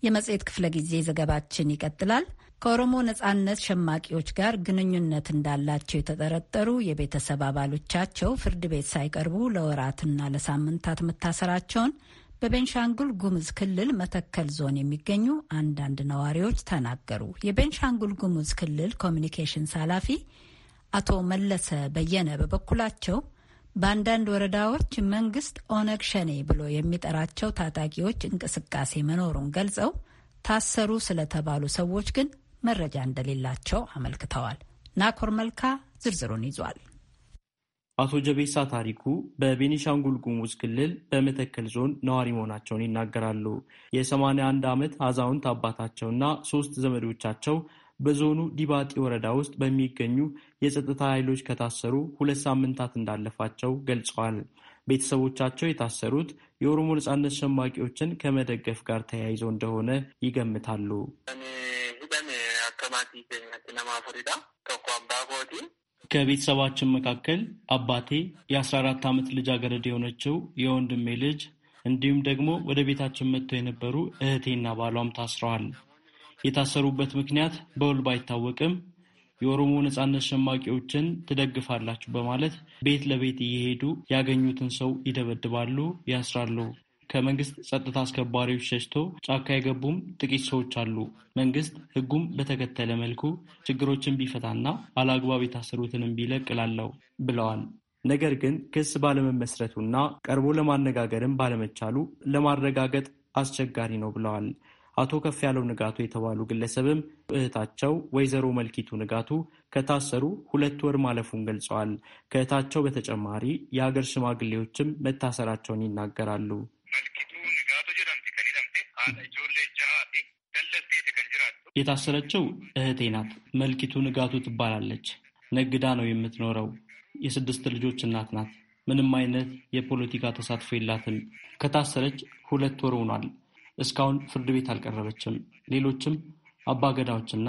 የመጽሔት ክፍለ ጊዜ ዘገባችን ይቀጥላል። ከኦሮሞ ነጻነት ሸማቂዎች ጋር ግንኙነት እንዳላቸው የተጠረጠሩ የቤተሰብ አባሎቻቸው ፍርድ ቤት ሳይቀርቡ ለወራትና ለሳምንታት መታሰራቸውን በቤንሻንጉል ጉሙዝ ክልል መተከል ዞን የሚገኙ አንዳንድ ነዋሪዎች ተናገሩ። የቤንሻንጉል ጉሙዝ ክልል ኮሚኒኬሽንስ ኃላፊ አቶ መለሰ በየነ በበኩላቸው በአንዳንድ ወረዳዎች መንግስት ኦነግ ሸኔ ብሎ የሚጠራቸው ታጣቂዎች እንቅስቃሴ መኖሩን ገልጸው ታሰሩ ስለተባሉ ሰዎች ግን መረጃ እንደሌላቸው አመልክተዋል። ናኮር መልካ ዝርዝሩን ይዟል። አቶ ጀቤሳ ታሪኩ በቤኒሻንጉል ጉሙዝ ክልል በመተከል ዞን ነዋሪ መሆናቸውን ይናገራሉ። የ81 ዓመት አዛውንት አባታቸውና ሶስት ዘመዶቻቸው በዞኑ ዲባጢ ወረዳ ውስጥ በሚገኙ የጸጥታ ኃይሎች ከታሰሩ ሁለት ሳምንታት እንዳለፋቸው ገልጸዋል። ቤተሰቦቻቸው የታሰሩት የኦሮሞ ነጻነት ሸማቂዎችን ከመደገፍ ጋር ተያይዘው እንደሆነ ይገምታሉ። ከቤተሰባችን መካከል አባቴ፣ የአስራ አራት ዓመት ልጃገረድ የሆነችው የወንድሜ ልጅ እንዲሁም ደግሞ ወደ ቤታችን መጥተው የነበሩ እህቴና ባሏም ታስረዋል። የታሰሩበት ምክንያት በውል ባይታወቅም የኦሮሞ ነጻነት ሸማቂዎችን ትደግፋላችሁ በማለት ቤት ለቤት እየሄዱ ያገኙትን ሰው ይደበድባሉ፣ ያስራሉ። ከመንግስት ጸጥታ አስከባሪዎች ሸሽቶ ጫካ የገቡም ጥቂት ሰዎች አሉ። መንግስት ህጉም በተከተለ መልኩ ችግሮችን ቢፈታና አላግባብ የታሰሩትንም ቢለቅ ብለዋል። ነገር ግን ክስ ባለመመስረቱና ቀርቦ ለማነጋገርም ባለመቻሉ ለማረጋገጥ አስቸጋሪ ነው ብለዋል። አቶ ከፍ ያለው ንጋቱ የተባሉ ግለሰብም እህታቸው ወይዘሮ መልኪቱ ንጋቱ ከታሰሩ ሁለት ወር ማለፉን ገልጸዋል። ከእህታቸው በተጨማሪ የሀገር ሽማግሌዎችም መታሰራቸውን ይናገራሉ። መልኪtuu ንጋቱ jedhamti kan hidhamte haadha ijoollee ja'aati. የታሰረችው እህቴ ናት። መልኪቱ ንጋቱ ትባላለች። ነግዳ ነው የምትኖረው። የስድስት ልጆች እናት ናት። ምንም አይነት የፖለቲካ ተሳትፎ የላትም። ከታሰረች ሁለት ወር ሆኗል። እስካሁን ፍርድ ቤት አልቀረበችም። ሌሎችም አባገዳዎችና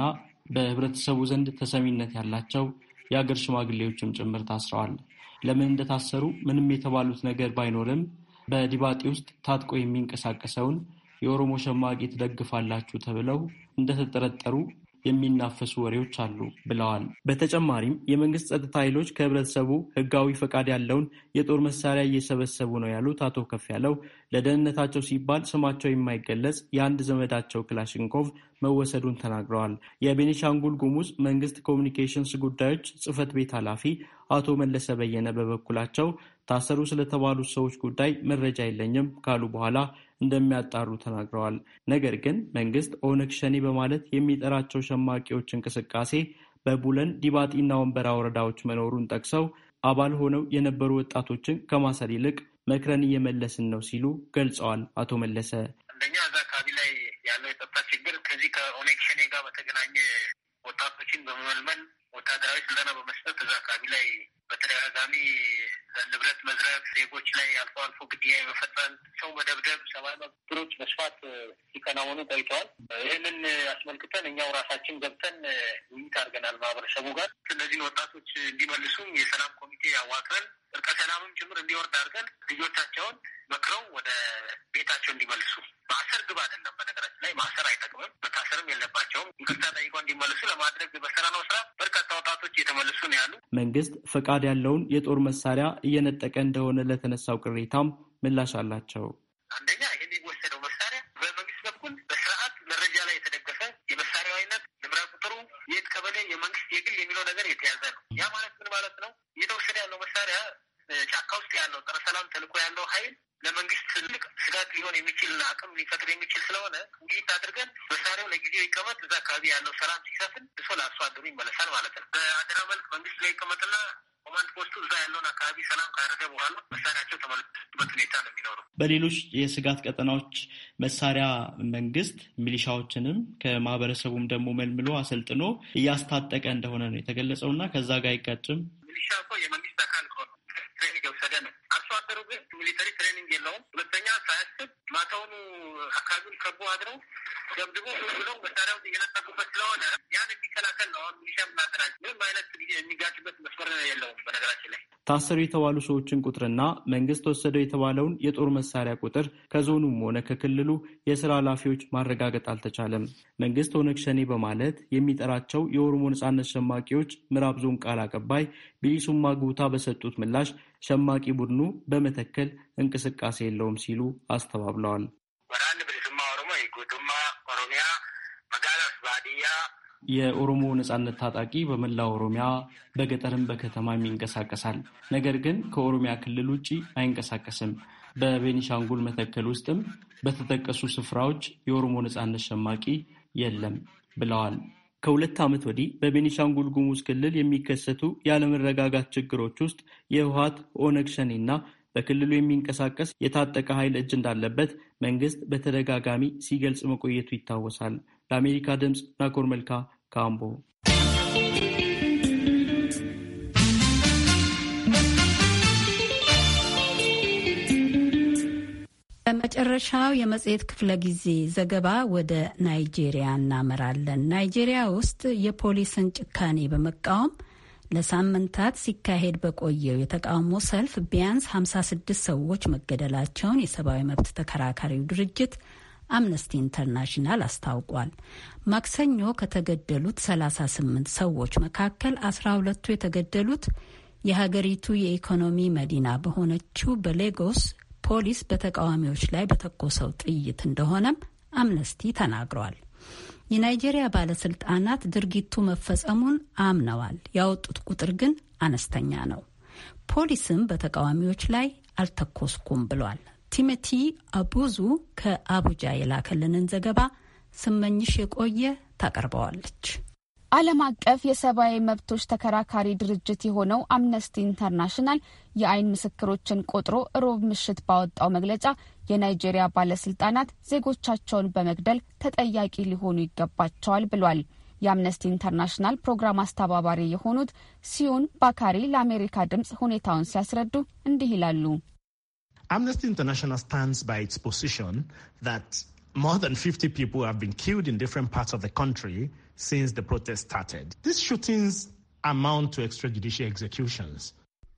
በህብረተሰቡ ዘንድ ተሰሚነት ያላቸው የአገር ሽማግሌዎችም ጭምር ታስረዋል። ለምን እንደታሰሩ ምንም የተባሉት ነገር ባይኖርም በዲባጢ ውስጥ ታጥቆ የሚንቀሳቀሰውን የኦሮሞ ሸማቂ ትደግፋላችሁ ተብለው እንደተጠረጠሩ የሚናፈሱ ወሬዎች አሉ ብለዋል። በተጨማሪም የመንግስት ጸጥታ ኃይሎች ከህብረተሰቡ ህጋዊ ፈቃድ ያለውን የጦር መሳሪያ እየሰበሰቡ ነው ያሉት አቶ ከፍ ያለው ለደህንነታቸው ሲባል ስማቸው የማይገለጽ የአንድ ዘመዳቸው ክላሽንኮቭ መወሰዱን ተናግረዋል። የቤኒሻንጉል ጉሙዝ መንግስት ኮሚኒኬሽንስ ጉዳዮች ጽህፈት ቤት ኃላፊ አቶ መለሰ በየነ በበኩላቸው ታሰሩ ስለተባሉት ሰዎች ጉዳይ መረጃ የለኝም ካሉ በኋላ እንደሚያጣሩ ተናግረዋል። ነገር ግን መንግስት ኦነግ ሸኔ በማለት የሚጠራቸው ሸማቂዎች እንቅስቃሴ በቡለን ዲባጢና ወንበራ ወረዳዎች መኖሩን ጠቅሰው አባል ሆነው የነበሩ ወጣቶችን ከማሰር ይልቅ መክረን እየመለስን ነው ሲሉ ገልጸዋል። አቶ መለሰ አንደኛ እዛ አካባቢ ላይ ያለው የጸጥታ ችግር ከዚህ ከኦነግ ሸኔ ጋር በተገናኘ ወጣቶችን በመመልመል ወታደራዊ ስልጠና በመስጠት እዛ አካባቢ ላይ በተደጋጋሚ ንብረት መዝረፍ፣ ዜጎች ላይ አልፎ አልፎ ግድያ የመፈጸም ሰው መደብደብ፣ ሰብአዊ መብቶች በስፋት ሲከናወኑ ቆይተዋል። ይህንን አስመልክተን እኛው ራሳችን ገብተን ውይይት አድርገናል ማህበረሰቡ ጋር። እነዚህን ወጣቶች እንዲመልሱም የሰላም ኮሚቴ አዋቅረን እርቀ ሰላምም ጭምር እንዲወርድ አድርገን ልጆቻቸውን መክረው ወደ ቤታቸው እንዲመልሱ ማሰር ግብ አይደለም። በነገራችን ላይ ማሰር አይጠቅምም፣ መታሰርም የለባቸውም። ይቅርታ ጠይቆ እንዲመልሱ ለማድረግ በሰራነው ስራ በርካታ ወጣቶች እየተመልሱ ነው ያሉ። መንግስት ፈቃድ ያለውን የጦር መሳሪያ እየነጠቀ እንደሆነ ለተነሳው ቅሬታም ምላሽ አላቸው። አንደኛ ይህን የሚወሰደው መሳሪያ በመንግስት በኩል በስርዓት መረጃ ላይ የተደገፈ የመሳሪያው አይነት፣ ንብረ ቁጥሩ፣ የት ቀበሌ፣ የመንግስት የግል የሚለው ነገር የተያዘ ነው። ያ ማለት ምን ማለት ነው? እየተወሰደ ያለው መሳሪያ ጫካ ውስጥ ያለው ጸረ ሰላም ተልዕኮ ያለው ኃይል ለመንግስት ትልቅ ስጋት ሊሆን የሚችል አቅም ሊፈጥር የሚችል ስለሆነ ውይይት አድርገን መሳሪያው ለጊዜው ይቀመጥ፣ እዛ አካባቢ ያለው ሰላም ሲሰፍን እሶ ለአርሶ አደሩ ይመለሳል ማለት ነው። በአደራ መልክ መንግስት ላይ ይቀመጥና አካባቢ ሰላም ካረገ በኋላ መሳሪያቸው ተመለሱበት ሁኔታ ነው የሚኖረው። በሌሎች የስጋት ቀጠናዎች መሳሪያ መንግስት ሚሊሻዎችንም ከማህበረሰቡም ደግሞ መልምሎ አሰልጥኖ እያስታጠቀ እንደሆነ ነው የተገለጸው እና ከዛ ጋር አይጋጭም። ሚሊሻ እኮ የመንግስት አካል ከሆነ ትሬኒንግ የወሰደ ነው። አርሶ አደሩ ግን ሚሊተሪ ትሬኒንግ የለውም። ሁለተኛ ሳያስብ ማታውኑ አካባቢውን ከቦ አድረው ገምድሞ ሁሉም መሳሪያውን እየነጠቁበት ስለሆነ ያን የሚከላከል ነው። አሁን ሚሊሻ ምናገራች ምንም አይነት የሚጋጭበት መስመር የለውም። በነገራችን ላይ ታሰሩ የተባሉ ሰዎችን ቁጥርና መንግስት ወሰደው የተባለውን የጦር መሳሪያ ቁጥር ከዞኑም ሆነ ከክልሉ የስራ ኃላፊዎች ማረጋገጥ አልተቻለም። መንግስት ኦነግ ሸኔ በማለት የሚጠራቸው የኦሮሞ ነጻነት ሸማቂዎች ምዕራብ ዞን ቃል አቀባይ ቢሊሱማ ጉታ በሰጡት ምላሽ ሸማቂ ቡድኑ በመተከል እንቅስቃሴ የለውም ሲሉ አስተባብለዋል። ወራን ብሊሱማ ኦሮሞ ጉቱማ ኦሮሚያ መጋለስ ባድያ የኦሮሞ ነጻነት ታጣቂ በመላ ኦሮሚያ በገጠርም በከተማም ይንቀሳቀሳል። ነገር ግን ከኦሮሚያ ክልል ውጭ አይንቀሳቀስም። በቤኒሻንጉል መተከል ውስጥም በተጠቀሱ ስፍራዎች የኦሮሞ ነጻነት ሸማቂ የለም ብለዋል። ከሁለት ዓመት ወዲህ በቤኒሻንጉል ጉሙዝ ክልል የሚከሰቱ ያለመረጋጋት ችግሮች ውስጥ የህወሀት ኦነግ ሸኔና በክልሉ የሚንቀሳቀስ የታጠቀ ኃይል እጅ እንዳለበት መንግስት በተደጋጋሚ ሲገልጽ መቆየቱ ይታወሳል። ለአሜሪካ ድምፅ ናኮር መልካ ካምቦ። በመጨረሻው የመጽሔት ክፍለ ጊዜ ዘገባ ወደ ናይጄሪያ እናመራለን። ናይጄሪያ ውስጥ የፖሊስን ጭካኔ በመቃወም ለሳምንታት ሲካሄድ በቆየው የተቃውሞ ሰልፍ ቢያንስ 56 ሰዎች መገደላቸውን የሰብአዊ መብት ተከራካሪው ድርጅት አምነስቲ ኢንተርናሽናል አስታውቋል። ማክሰኞ ከተገደሉት 38 ሰዎች መካከል 12ቱ የተገደሉት የሀገሪቱ የኢኮኖሚ መዲና በሆነችው በሌጎስ ፖሊስ በተቃዋሚዎች ላይ በተኮሰው ጥይት እንደሆነም አምነስቲ ተናግሯል። የናይጄሪያ ባለስልጣናት ድርጊቱ መፈጸሙን አምነዋል። ያወጡት ቁጥር ግን አነስተኛ ነው። ፖሊስም በተቃዋሚዎች ላይ አልተኮስኩም ብሏል። ቲሞቲ አቡዙ ከአቡጃ የላከልንን ዘገባ ስመኝሽ የቆየ ታቀርበዋለች። ዓለም አቀፍ የሰብአዊ መብቶች ተከራካሪ ድርጅት የሆነው አምነስቲ ኢንተርናሽናል የአይን ምስክሮችን ቆጥሮ ሮብ ምሽት ባወጣው መግለጫ የናይጄሪያ ባለስልጣናት ዜጎቻቸውን በመግደል ተጠያቂ ሊሆኑ ይገባቸዋል ብሏል። የአምነስቲ ኢንተርናሽናል ፕሮግራም አስተባባሪ የሆኑት ሲዩን ባካሪ ለአሜሪካ ድምፅ ሁኔታውን ሲያስረዱ እንዲህ ይላሉ። አምነስቲ ኢንተርናሽናል ባይ ኢትስ ፖዚሽን ዛት ሞር ዛን 50 ፒፕል ሃቭ ቢን ኪልድ ኢን ዲፍረንት ፓርትስ ኦፍ ዘ ካንትሪ ሲንስ ዘ ፕሮቴስት ስታርትድ ዲስ ሹቲንግስ አማውንት ቱ ኤክስትራጁዲሻል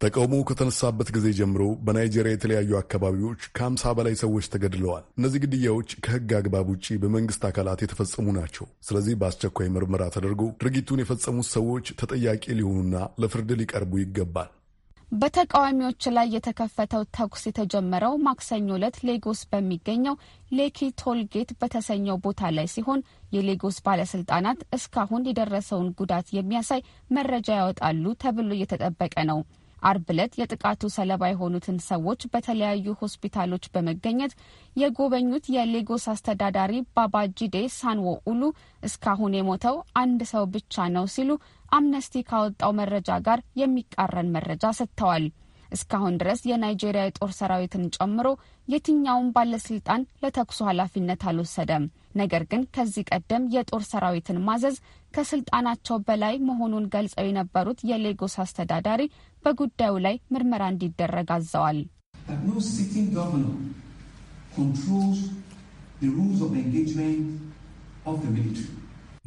ተቃውሞ ከተነሳበት ጊዜ ጀምሮ በናይጄሪያ የተለያዩ አካባቢዎች ከአምሳ በላይ ሰዎች ተገድለዋል። እነዚህ ግድያዎች ከሕግ አግባብ ውጭ በመንግስት አካላት የተፈጸሙ ናቸው። ስለዚህ በአስቸኳይ ምርመራ ተደርጎ ድርጊቱን የፈጸሙት ሰዎች ተጠያቂ ሊሆኑና ለፍርድ ሊቀርቡ ይገባል። በተቃዋሚዎች ላይ የተከፈተው ተኩስ የተጀመረው ማክሰኞ ዕለት ሌጎስ በሚገኘው ሌኪ ቶልጌት በተሰኘው ቦታ ላይ ሲሆን የሌጎስ ባለስልጣናት እስካሁን የደረሰውን ጉዳት የሚያሳይ መረጃ ያወጣሉ ተብሎ እየተጠበቀ ነው። አርብ ዕለት የጥቃቱ ሰለባ የሆኑትን ሰዎች በተለያዩ ሆስፒታሎች በመገኘት የጎበኙት የሌጎስ አስተዳዳሪ ባባጂዴ ሳንዎ ኡሉ እስካሁን የሞተው አንድ ሰው ብቻ ነው ሲሉ አምነስቲ ካወጣው መረጃ ጋር የሚቃረን መረጃ ሰጥተዋል። እስካሁን ድረስ የናይጄሪያ የጦር ሰራዊትን ጨምሮ የትኛውም ባለስልጣን ለተኩሱ ኃላፊነት አልወሰደም። ነገር ግን ከዚህ ቀደም የጦር ሰራዊትን ማዘዝ ከስልጣናቸው በላይ መሆኑን ገልጸው የነበሩት የሌጎስ አስተዳዳሪ በጉዳዩ ላይ ምርመራ እንዲደረግ አዘዋል።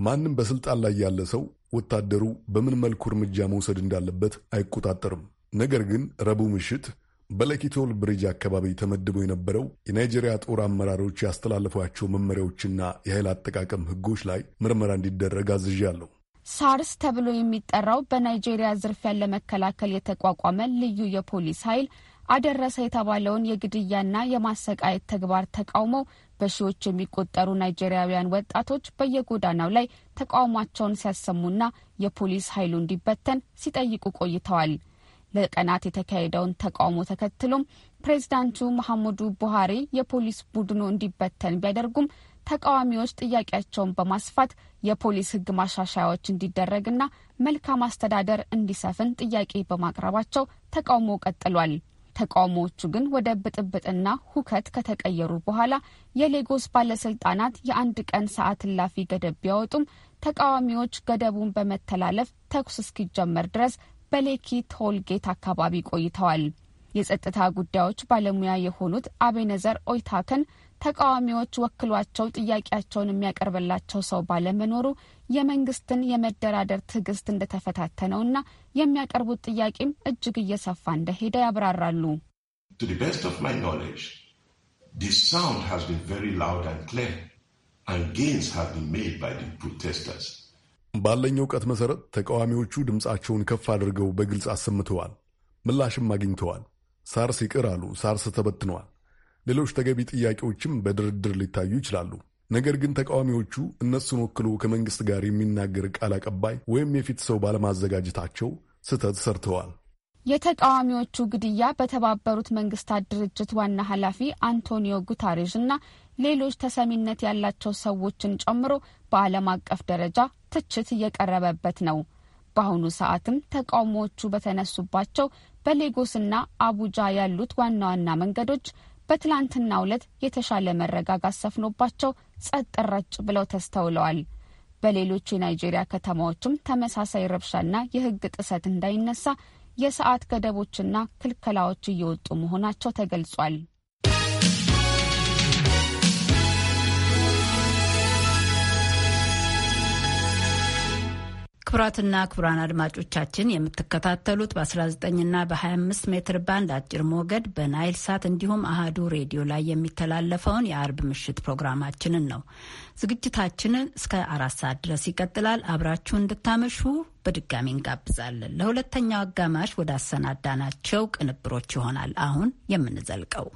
ማንም በስልጣን ላይ ያለ ሰው ወታደሩ በምን መልኩ እርምጃ መውሰድ እንዳለበት አይቆጣጠርም። ነገር ግን ረቡዕ ምሽት በለኪቶል ብሪጅ አካባቢ ተመድቦ የነበረው የናይጄሪያ ጦር አመራሮች ያስተላለፏቸው መመሪያዎችና የኃይል አጠቃቀም ሕጎች ላይ ምርመራ እንዲደረግ አዝዣለሁ። ሳርስ ተብሎ የሚጠራው በናይጄሪያ ዝርፊያን ለመከላከል የተቋቋመ ልዩ የፖሊስ ኃይል አደረሰ የተባለውን የግድያና የማሰቃየት ተግባር ተቃውሞ በሺዎች የሚቆጠሩ ናይጄሪያውያን ወጣቶች በየጎዳናው ላይ ተቃውሟቸውን ሲያሰሙና የፖሊስ ኃይሉ እንዲበተን ሲጠይቁ ቆይተዋል። ለቀናት የተካሄደውን ተቃውሞ ተከትሎም ፕሬዚዳንቱ መሐሙዱ ቡሃሪ የፖሊስ ቡድኑ እንዲበተን ቢያደርጉም ተቃዋሚዎች ጥያቄያቸውን በማስፋት የፖሊስ ሕግ ማሻሻያዎች እንዲደረግና መልካም አስተዳደር እንዲሰፍን ጥያቄ በማቅረባቸው ተቃውሞ ቀጥሏል። ተቃውሞዎቹ ግን ወደ ብጥብጥና ሁከት ከተቀየሩ በኋላ የሌጎስ ባለስልጣናት የአንድ ቀን ሰዓት እላፊ ገደብ ቢያወጡም ተቃዋሚዎች ገደቡን በመተላለፍ ተኩስ እስኪጀመር ድረስ በሌኪ ቶልጌት አካባቢ ቆይተዋል። የጸጥታ ጉዳዮች ባለሙያ የሆኑት አቤነዘር ኦይታከን ተቃዋሚዎች ወክሏቸው ጥያቄያቸውን የሚያቀርብላቸው ሰው ባለመኖሩ የመንግስትን የመደራደር ትዕግስት እንደተፈታተነውና የሚያቀርቡት ጥያቄም እጅግ እየሰፋ እንደሄደ ያብራራሉ። ስ ባለኝ እውቀት መሠረት ተቃዋሚዎቹ ድምፃቸውን ከፍ አድርገው በግልጽ አሰምተዋል፣ ምላሽም አግኝተዋል። ሳርስ ይቅር አሉ፣ ሳርስ ተበትነዋል። ሌሎች ተገቢ ጥያቄዎችም በድርድር ሊታዩ ይችላሉ። ነገር ግን ተቃዋሚዎቹ እነሱን ወክሎ ከመንግስት ጋር የሚናገር ቃል አቀባይ ወይም የፊት ሰው ባለማዘጋጀታቸው ስህተት ሰርተዋል። የተቃዋሚዎቹ ግድያ በተባበሩት መንግስታት ድርጅት ዋና ኃላፊ አንቶኒዮ ጉታሬዥ እና ሌሎች ተሰሚነት ያላቸው ሰዎችን ጨምሮ በዓለም አቀፍ ደረጃ ትችት እየቀረበበት ነው። በአሁኑ ሰዓትም ተቃውሞዎቹ በተነሱባቸው በሌጎስና አቡጃ ያሉት ዋና ዋና መንገዶች በትላንትናው ዕለት የተሻለ መረጋጋት ሰፍኖባቸው ጸጥ ረጭ ብለው ተስተውለዋል። በሌሎች የናይጄሪያ ከተማዎችም ተመሳሳይ ረብሻና የሕግ ጥሰት እንዳይነሳ የሰዓት ገደቦችና ክልከላዎች እየወጡ መሆናቸው ተገልጿል። ክቡራትና ክቡራን አድማጮቻችን የምትከታተሉት በ19ና በ25 ሜትር ባንድ አጭር ሞገድ በናይል ሳት እንዲሁም አህዱ ሬዲዮ ላይ የሚተላለፈውን የአርብ ምሽት ፕሮግራማችንን ነው። ዝግጅታችንን እስከ አራት ሰዓት ድረስ ይቀጥላል። አብራችሁ እንድታመሹ በድጋሚ እንጋብዛለን። ለሁለተኛው አጋማሽ ወደ አሰናዳናቸው ቅንብሮች ይሆናል አሁን የምንዘልቀው።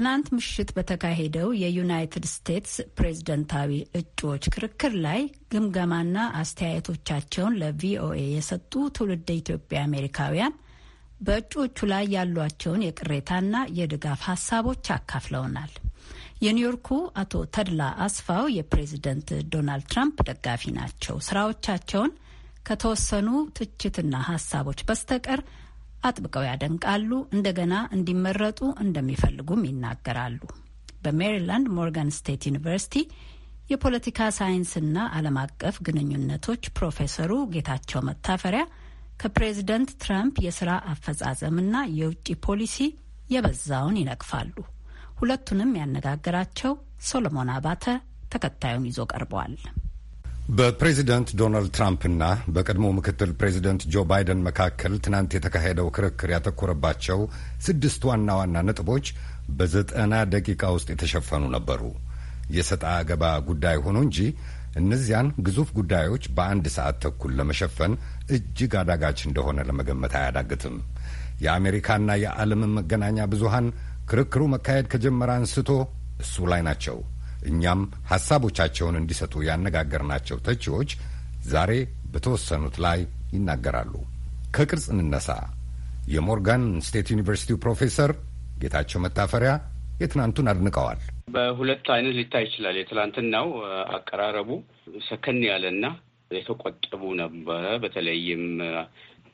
ትናንት ምሽት በተካሄደው የዩናይትድ ስቴትስ ፕሬዝደንታዊ እጩዎች ክርክር ላይ ግምገማና አስተያየቶቻቸውን ለቪኦኤ የሰጡ ትውልደ ኢትዮጵያ አሜሪካውያን በእጩዎቹ ላይ ያሏቸውን የቅሬታና የድጋፍ ሀሳቦች አካፍለውናል። የኒውዮርኩ አቶ ተድላ አስፋው የፕሬዝደንት ዶናልድ ትራምፕ ደጋፊ ናቸው። ስራዎቻቸውን ከተወሰኑ ትችትና ሀሳቦች በስተቀር አጥብቀው ያደንቃሉ። እንደገና እንዲመረጡ እንደሚፈልጉም ይናገራሉ። በሜሪላንድ ሞርጋን ስቴት ዩኒቨርሲቲ የፖለቲካ ሳይንስና ዓለም አቀፍ ግንኙነቶች ፕሮፌሰሩ ጌታቸው መታፈሪያ ከፕሬዝደንት ትራምፕ የስራ አፈጻጸምና የውጭ ፖሊሲ የበዛውን ይነቅፋሉ። ሁለቱንም ያነጋገራቸው ሶሎሞን አባተ ተከታዩን ይዞ ቀርበዋል። በፕሬዚደንት ዶናልድ ትራምፕና በቀድሞ ምክትል ፕሬዚደንት ጆ ባይደን መካከል ትናንት የተካሄደው ክርክር ያተኮረባቸው ስድስት ዋና ዋና ነጥቦች በዘጠና ደቂቃ ውስጥ የተሸፈኑ ነበሩ። የሰጣ ገባ ጉዳይ ሆኖ እንጂ እነዚያን ግዙፍ ጉዳዮች በአንድ ሰዓት ተኩል ለመሸፈን እጅግ አዳጋች እንደሆነ ለመገመት አያዳግትም። የአሜሪካና የዓለምን መገናኛ ብዙሃን ክርክሩ መካሄድ ከጀመረ አንስቶ እሱ ላይ ናቸው። እኛም ሀሳቦቻቸውን እንዲሰጡ ያነጋገርናቸው ተቺዎች ዛሬ በተወሰኑት ላይ ይናገራሉ። ከቅርጽ እንነሳ። የሞርጋን ስቴት ዩኒቨርሲቲው ፕሮፌሰር ጌታቸው መታፈሪያ የትናንቱን አድንቀዋል። በሁለት አይነት ሊታይ ይችላል። ነው አቀራረቡ ሰከን ያለና የተቆጠቡ ነበረ። በተለይም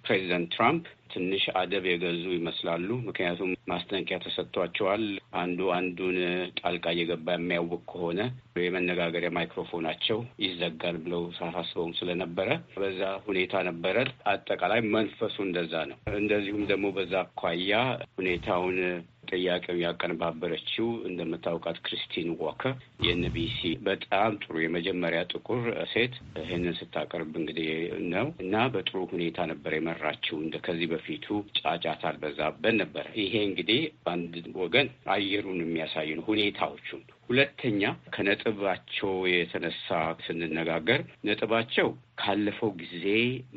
ፕሬዚደንት ትራምፕ ትንሽ አደብ የገዙ ይመስላሉ። ምክንያቱም ማስጠንቀቂያ ተሰጥቷቸዋል። አንዱ አንዱን ጣልቃ እየገባ የሚያውቅ ከሆነ የመነጋገሪያ ማይክሮፎናቸው ይዘጋል ብለው ሳሳስበውም ስለነበረ በዛ ሁኔታ ነበረ። አጠቃላይ መንፈሱ እንደዛ ነው። እንደዚሁም ደግሞ በዛ አኳያ ሁኔታውን ተጠያቂው ያቀነባበረችው እንደምታውቃት ክሪስቲን ዋከር የኤንቢሲ በጣም ጥሩ የመጀመሪያ ጥቁር ሴት ይህንን ስታቀርብ እንግዲህ ነው እና በጥሩ ሁኔታ ነበር የመራችው። እንደ ከዚህ በፊቱ ጫጫታ አልበዛበት ነበር። ይሄ እንግዲህ በአንድ ወገን አየሩን የሚያሳይ ነው፣ ሁኔታዎቹን ሁለተኛ ከነጥባቸው የተነሳ ስንነጋገር ነጥባቸው ካለፈው ጊዜ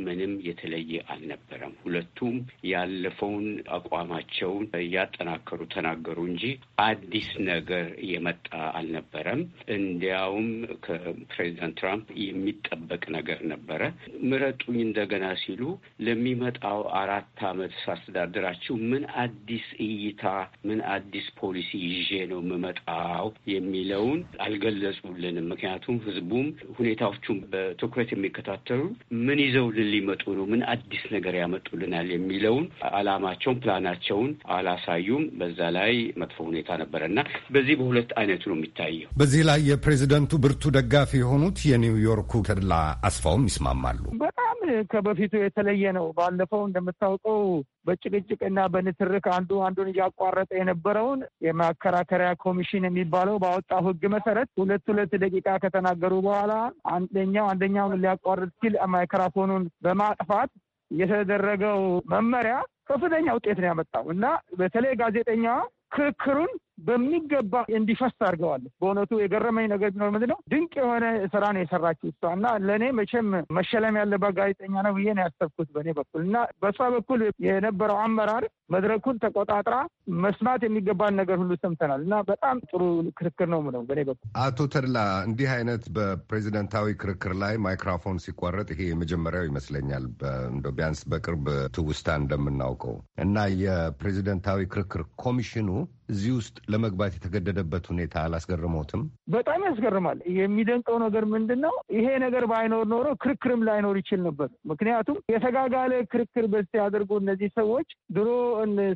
ምንም የተለየ አልነበረም። ሁለቱም ያለፈውን አቋማቸውን እያጠናከሩ ተናገሩ እንጂ አዲስ ነገር የመጣ አልነበረም። እንዲያውም ከፕሬዚዳንት ትራምፕ የሚጠበቅ ነገር ነበረ። ምረጡኝ እንደገና ሲሉ ለሚመጣው አራት ዓመት ሳስተዳድራችሁ ምን አዲስ እይታ፣ ምን አዲስ ፖሊሲ ይዤ ነው የምመጣው የሚለውን አልገለጹልንም። ምክንያቱም ህዝቡም ሁኔታዎቹን በትኩረት የሚከታተሉ ምን ይዘውልን ሊመጡ ነው፣ ምን አዲስ ነገር ያመጡልናል የሚለውን አላማቸውን፣ ፕላናቸውን አላሳዩም። በዛ ላይ መጥፎ ሁኔታ ነበረ እና በዚህ በሁለት አይነቱ ነው የሚታየው። በዚህ ላይ የፕሬዚደንቱ ብርቱ ደጋፊ የሆኑት የኒውዮርኩ ተድላ አስፋውም ይስማማሉ። በጣም ከበፊቱ የተለየ ነው። ባለፈው እንደምታውቀው በጭቅጭቅ በንትርክ አንዱ አንዱን እያቋረጠ የነበረውን የማከራከሪያ ኮሚሽን የሚባለው ባወጣው ሕግ መሰረት ሁለት ሁለት ደቂቃ ከተናገሩ በኋላ አንደኛው አንደኛውን ሊያቋርጥ ሲል ማይክራፎኑን በማጥፋት የተደረገው መመሪያ ከፍተኛ ውጤት ነው ያመጣው እና በተለይ ጋዜጠኛዋ ክርክሩን በሚገባ እንዲፈስ አድርገዋለች። በእውነቱ የገረመኝ ነገር ቢኖር ምንድን ነው ድንቅ የሆነ ስራ ነው የሰራችው እሷ እና ለእኔ መቼም መሸለም ያለባት ጋዜጠኛ ነው ብዬ ነው ያሰብኩት በእኔ በኩል እና በእሷ በኩል የነበረው አመራር መድረኩን ተቆጣጥራ መስማት የሚገባን ነገር ሁሉ ሰምተናል እና በጣም ጥሩ ክርክር ነው ነው በእኔ በኩል። አቶ ተድላ እንዲህ አይነት በፕሬዚደንታዊ ክርክር ላይ ማይክሮፎን ሲቋረጥ ይሄ የመጀመሪያው ይመስለኛል እንደ ቢያንስ በቅርብ ትውስታ እንደምናውቀው እና የፕሬዚደንታዊ ክርክር ኮሚሽኑ እዚህ ውስጥ ለመግባት የተገደደበት ሁኔታ አላስገርመውትም? በጣም ያስገርማል። የሚደንቀው ነገር ምንድን ነው? ይሄ ነገር ባይኖር ኖሮ ክርክርም ላይኖር ይችል ነበር። ምክንያቱም የተጋጋለ ክርክር በስቲ ያደርጉ እነዚህ ሰዎች ድሮ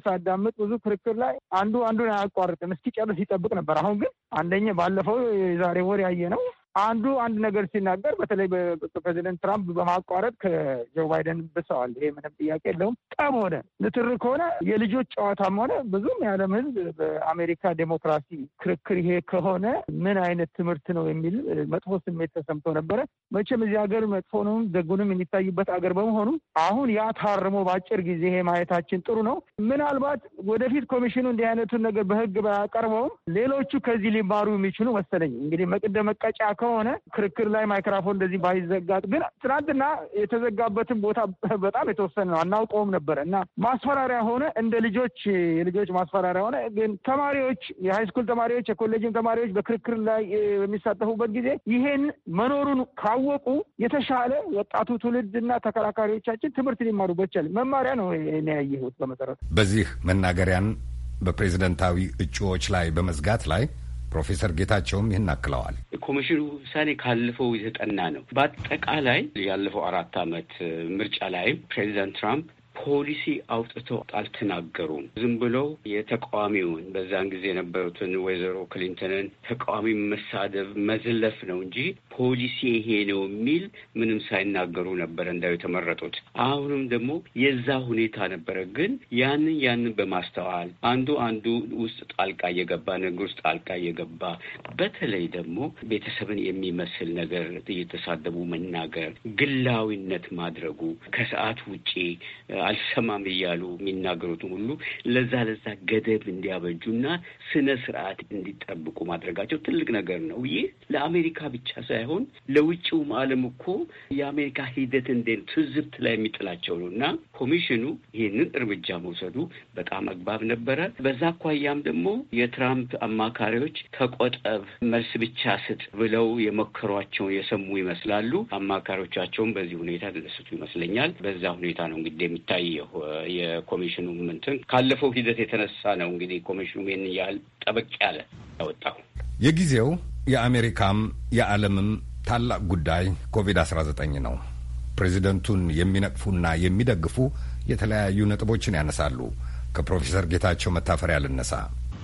ሳዳምጥ ብዙ ክርክር ላይ አንዱ አንዱን አያቋርጥም፣ እስኪጨርስ ይጠብቅ ነበር። አሁን ግን አንደኛ ባለፈው የዛሬ ወር ያየ ነው አንዱ አንድ ነገር ሲናገር በተለይ በፕሬዚደንት ትራምፕ በማቋረጥ ከጆ ባይደን ብሰዋል። ይሄ ምንም ጥያቄ የለውም። ጠብ ሆነ ንትርክ ሆነ የልጆች ጨዋታም ሆነ ብዙም የዓለም ሕዝብ በአሜሪካ ዴሞክራሲ ክርክር ይሄ ከሆነ ምን አይነት ትምህርት ነው የሚል መጥፎ ስሜት ተሰምቶ ነበረ። መቼም እዚህ ሀገር መጥፎንም ደጉንም የሚታይበት አገር በመሆኑ አሁን ያ ታርሞ በአጭር ጊዜ ይሄ ማየታችን ጥሩ ነው። ምናልባት ወደፊት ኮሚሽኑ እንዲህ አይነቱን ነገር በህግ ባያቀርበውም ሌሎቹ ከዚህ ሊማሩ የሚችሉ መሰለኝ እንግዲህ መቅደም መቀጫ ከሆነ ክርክር ላይ ማይክራፎን እንደዚህ ባይዘጋጥ ግን ትናንትና የተዘጋበትን ቦታ በጣም የተወሰነ ነው አናውቀውም ነበረ እና ማስፈራሪያ ሆነ እንደ ልጆች የልጆች ማስፈራሪያ ሆነ። ግን ተማሪዎች የሃይስኩል ተማሪዎች የኮሌጅም ተማሪዎች በክርክር ላይ በሚሳተፉበት ጊዜ ይሄን መኖሩን ካወቁ የተሻለ ወጣቱ ትውልድ እና ተከራካሪዎቻችን ትምህርት ሊማሩበት ይቻል መማሪያ ነው ያየሁት በመሰረቱ በዚህ መናገሪያን በፕሬዝደንታዊ እጩዎች ላይ በመዝጋት ላይ ፕሮፌሰር ጌታቸውም ይህን አክለዋል። ኮሚሽኑ ውሳኔ ካለፈው የተጠና ነው። በአጠቃላይ ያለፈው አራት ዓመት ምርጫ ላይ ፕሬዚዳንት ትራምፕ ፖሊሲ አውጥተው አልተናገሩም። ዝም ብለው የተቃዋሚውን በዛን ጊዜ የነበሩትን ወይዘሮ ክሊንተንን ተቃዋሚ መሳደብ፣ መዝለፍ ነው እንጂ ፖሊሲ ይሄ ነው የሚል ምንም ሳይናገሩ ነበረ እንዳው የተመረጡት። አሁንም ደግሞ የዛ ሁኔታ ነበረ። ግን ያንን ያንን በማስተዋል አንዱ አንዱ ውስጥ ጣልቃ እየገባ ነገር ውስጥ ጣልቃ እየገባ በተለይ ደግሞ ቤተሰብን የሚመስል ነገር እየተሳደቡ መናገር፣ ግላዊነት ማድረጉ ከሰዓት ውጪ አልሰማም እያሉ የሚናገሩትን ሁሉ ለዛ ለዛ ገደብ እንዲያበጁና ስነ ስርዓት እንዲጠብቁ ማድረጋቸው ትልቅ ነገር ነው። ይህ ለአሜሪካ ብቻ ሳይሆን ለውጭውም ዓለም እኮ የአሜሪካ ሂደት እንደ ትዝብት ላይ የሚጥላቸው ነው እና ኮሚሽኑ ይህንን እርምጃ መውሰዱ በጣም አግባብ ነበረ። በዛ አኳያም ደግሞ የትራምፕ አማካሪዎች ተቆጠብ፣ መልስ ብቻ ስጥ ብለው የመከሯቸውን የሰሙ ይመስላሉ። አማካሪዎቻቸውን በዚህ ሁኔታ ተደሰቱ ይመስለኛል። በዛ ሁኔታ ነው እንግዲህ የሚታየው የኮሚሽኑ ምንትን ካለፈው ሂደት የተነሳ ነው። እንግዲህ ኮሚሽኑ ይህን ያህል ጠበቅ ያለ ያወጣው የጊዜው የአሜሪካም የዓለምም ታላቅ ጉዳይ ኮቪድ-19 ነው። ፕሬዚደንቱን የሚነቅፉና የሚደግፉ የተለያዩ ነጥቦችን ያነሳሉ። ከፕሮፌሰር ጌታቸው መታፈሪያ ልነሳ።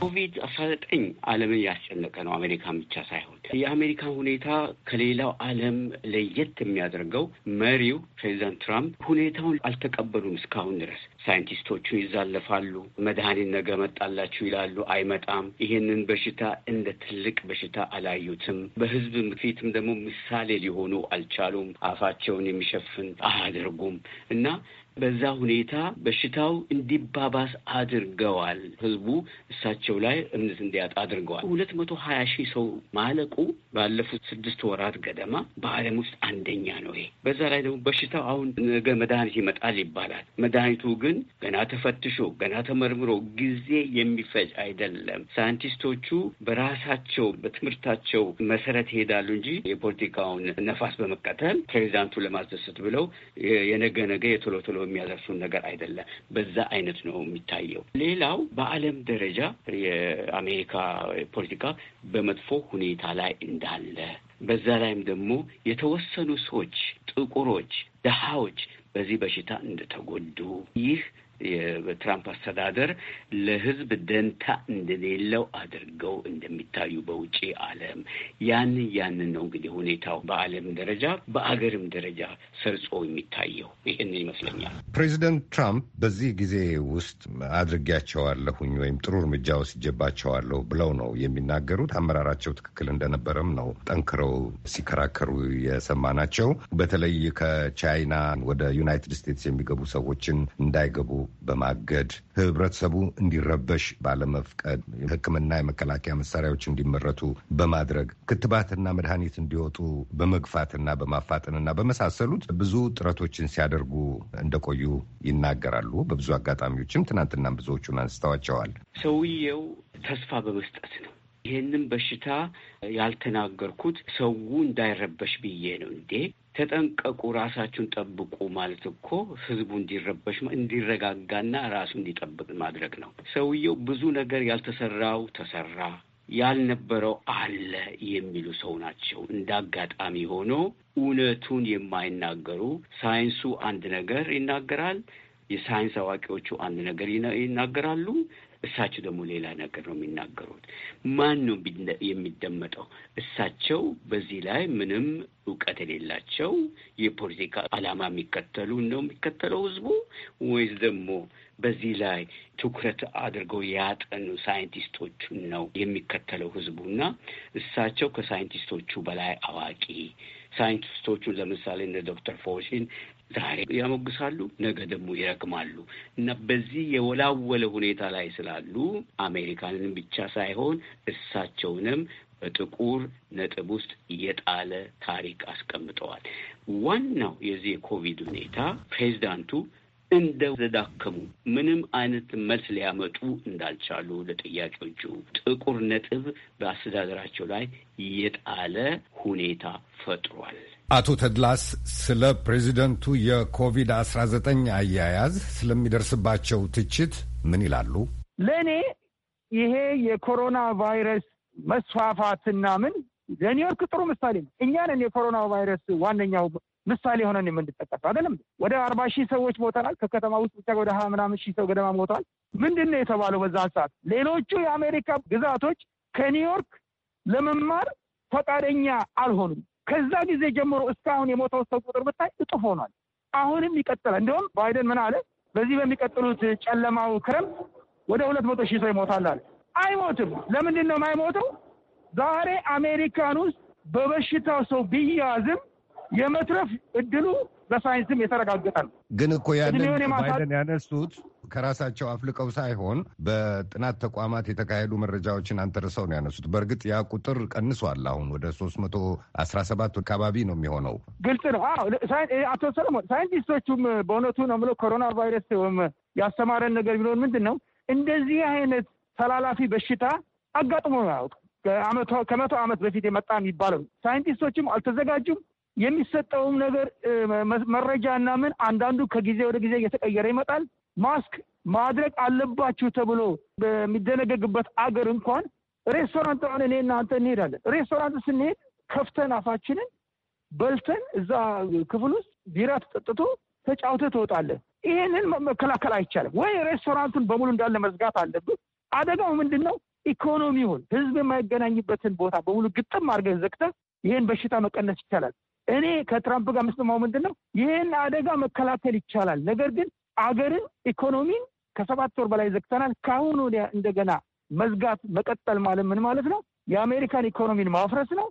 ኮቪድ አስራ ዘጠኝ ዓለምን ያስጨነቀ ነው። አሜሪካን ብቻ ሳይሆን የአሜሪካ ሁኔታ ከሌላው ዓለም ለየት የሚያደርገው መሪው ፕሬዚዳንት ትራምፕ ሁኔታውን አልተቀበሉም እስካሁን ድረስ። ሳይንቲስቶቹን ይዛለፋሉ። መድኃኒት ነገ መጣላችሁ ይላሉ፣ አይመጣም። ይሄንን በሽታ እንደ ትልቅ በሽታ አላዩትም። በህዝብ ፊትም ደግሞ ምሳሌ ሊሆኑ አልቻሉም። አፋቸውን የሚሸፍን አያደርጉም እና በዛ ሁኔታ በሽታው እንዲባባስ አድርገዋል። ህዝቡ እሳቸው ላይ እምነት እንዲያጣ አድርገዋል። ሁለት መቶ ሀያ ሺህ ሰው ማለቁ ባለፉት ስድስት ወራት ገደማ በዓለም ውስጥ አንደኛ ነው። ይሄ በዛ ላይ ደግሞ በሽታው አሁን ነገ መድኃኒት ይመጣል ይባላል። መድኃኒቱ ግን ገና ተፈትሾ ገና ተመርምሮ ጊዜ የሚፈጅ አይደለም። ሳይንቲስቶቹ በራሳቸው በትምህርታቸው መሰረት ይሄዳሉ እንጂ የፖለቲካውን ነፋስ በመከተል ፕሬዚዳንቱ ለማስደሰት ብለው የነገ ነገ የቶሎ ቶሎ የሚያደርሱን ነገር አይደለም። በዛ አይነት ነው የሚታየው። ሌላው በዓለም ደረጃ የአሜሪካ ፖለቲካ በመጥፎ ሁኔታ ላይ እንዳለ በዛ ላይም ደግሞ የተወሰኑ ሰዎች ጥቁሮች፣ ደሃዎች በዚህ በሽታ እንደተጎዱ ይህ የትራምፕ አስተዳደር ለህዝብ ደንታ እንደሌለው አድርገው እንደሚታዩ በውጪ ዓለም ያንን ያንን ነው እንግዲህ ሁኔታው በዓለም ደረጃ በአገርም ደረጃ ሰርጾ የሚታየው ይህን ይመስለኛል። ፕሬዚደንት ትራምፕ በዚህ ጊዜ ውስጥ አድርጌያቸዋለሁኝ ወይም ጥሩ እርምጃ ወስጄባቸዋለሁ ብለው ነው የሚናገሩት። አመራራቸው ትክክል እንደነበረም ነው ጠንክረው ሲከራከሩ የሰማናቸው። በተለይ ከቻይና ወደ ዩናይትድ ስቴትስ የሚገቡ ሰዎችን እንዳይገቡ በማገድ ህብረተሰቡ እንዲረበሽ ባለመፍቀድ ሕክምና የመከላከያ መሳሪያዎች እንዲመረቱ በማድረግ ክትባትና መድኃኒት እንዲወጡ በመግፋትና በማፋጠንና በመሳሰሉት ብዙ ጥረቶችን ሲያደርጉ እንደቆዩ ይናገራሉ። በብዙ አጋጣሚዎችም ትናንትና ብዙዎቹን አንስተዋቸዋል። ሰውየው ተስፋ በመስጠት ነው። ይህንም በሽታ ያልተናገርኩት ሰው እንዳይረበሽ ብዬ ነው እንዴ ተጠንቀቁ፣ ራሳችሁን ጠብቁ ማለት እኮ ህዝቡ እንዲረበሽ እንዲረጋጋና ራሱ እንዲጠብቅ ማድረግ ነው። ሰውየው ብዙ ነገር ያልተሰራው ተሰራ ያልነበረው አለ የሚሉ ሰው ናቸው። እንደ አጋጣሚ ሆኖ እውነቱን የማይናገሩ ሳይንሱ አንድ ነገር ይናገራል፣ የሳይንስ አዋቂዎቹ አንድ ነገር ይናገራሉ። እሳቸው ደግሞ ሌላ ነገር ነው የሚናገሩት። ማን ነው የሚደመጠው? እሳቸው በዚህ ላይ ምንም እውቀት የሌላቸው የፖለቲካ ዓላማ የሚከተሉ ነው የሚከተለው ህዝቡ ወይስ ደግሞ በዚህ ላይ ትኩረት አድርገው ያጠኑ ሳይንቲስቶቹን ነው የሚከተለው ህዝቡና እሳቸው ከሳይንቲስቶቹ በላይ አዋቂ ሳይንቲስቶቹ ለምሳሌ እነ ዶክተር ፎሽን ዛሬ ያሞግሳሉ፣ ነገ ደግሞ ይረግማሉ እና በዚህ የወላወለ ሁኔታ ላይ ስላሉ አሜሪካንን ብቻ ሳይሆን እሳቸውንም በጥቁር ነጥብ ውስጥ የጣለ ታሪክ አስቀምጠዋል። ዋናው የዚህ የኮቪድ ሁኔታ ፕሬዚዳንቱ እንደ ተዳከሙ ምንም አይነት መልስ ሊያመጡ እንዳልቻሉ ለጥያቄዎቹ ጥቁር ነጥብ በአስተዳደራቸው ላይ የጣለ ሁኔታ ፈጥሯል። አቶ ተድላስ ስለ ፕሬዚደንቱ የኮቪድ-19 አያያዝ ስለሚደርስባቸው ትችት ምን ይላሉ? ለእኔ ይሄ የኮሮና ቫይረስ መስፋፋትና ምን ለኒውዮርክ ጥሩ ምሳሌ ነው። እኛን የኮሮና ቫይረስ ዋነኛው ምሳሌ ሆነን የምንጠቀሰው አይደለም። ወደ አርባ ሺህ ሰዎች ሞተናል። ከከተማ ውስጥ ብቻ ወደ ሀያ ምናምን ሺህ ሰው ገደማ ሞተዋል። ምንድን ነው የተባለው በዛን ሰዓት? ሌሎቹ የአሜሪካ ግዛቶች ከኒውዮርክ ለመማር ፈቃደኛ አልሆኑም። ከዛ ጊዜ ጀምሮ እስካሁን የሞተው ሰው ቁጥር ብታይ እጡፍ ሆኗል። አሁንም ይቀጥላል። እንዲሁም ባይደን ምን አለ? በዚህ በሚቀጥሉት ጨለማው ክረምት ወደ ሁለት መቶ ሺህ ሰው ይሞታል። አለ። አይሞትም። ለምንድን ነው የማይሞተው? ዛሬ አሜሪካን ውስጥ በበሽታው ሰው ቢያዝም የመትረፍ እድሉ በሳይንስም የተረጋገጠ ነው። ግን እኮ ያንን ባይደን ያነሱት ከራሳቸው አፍልቀው ሳይሆን በጥናት ተቋማት የተካሄዱ መረጃዎችን አንተርሰው ነው ያነሱት። በእርግጥ ያ ቁጥር ቀንሷል። አሁን ወደ ሶስት መቶ አስራ ሰባት አካባቢ ነው የሚሆነው። ግልጽ ነው። አቶ ሰለሞን ሳይንቲስቶቹም በእውነቱ ነው የምለው ኮሮና ቫይረስ ያስተማረን ነገር ቢሆን ምንድን ነው እንደዚህ አይነት ተላላፊ በሽታ አጋጥሞ ያውቅ ከመቶ ዓመት በፊት የመጣ የሚባለው ሳይንቲስቶችም አልተዘጋጁም፣ የሚሰጠውም ነገር መረጃ እና ምን አንዳንዱ ከጊዜ ወደ ጊዜ እየተቀየረ ይመጣል። ማስክ ማድረግ አለባችሁ ተብሎ በሚደነገግበት አገር እንኳን ሬስቶራንት አሁን እኔ እናንተ እንሄዳለን። ሬስቶራንት ስንሄድ ከፍተን አፋችንን በልተን እዛ ክፍል ውስጥ ቢራ ተጠጥቶ ተጫውተ ትወጣለህ። ይህንን መከላከል አይቻልም ወይ? ሬስቶራንቱን በሙሉ እንዳለ መዝጋት አለብን አደጋው ምንድን ነው? ኢኮኖሚውን ህዝብ የማይገናኝበትን ቦታ በሙሉ ግጥም አድርገህ ዘግተህ ይህን በሽታ መቀነስ ይቻላል። እኔ ከትራምፕ ጋር የምስማማው ምንድን ነው? ይህን አደጋ መከላከል ይቻላል። ነገር ግን አገርን፣ ኢኮኖሚን ከሰባት ወር በላይ ዘግተናል። ከአሁኑ እንደገና መዝጋት መቀጠል ማለት ምን ማለት ነው? የአሜሪካን ኢኮኖሚን ማፍረስ ነው።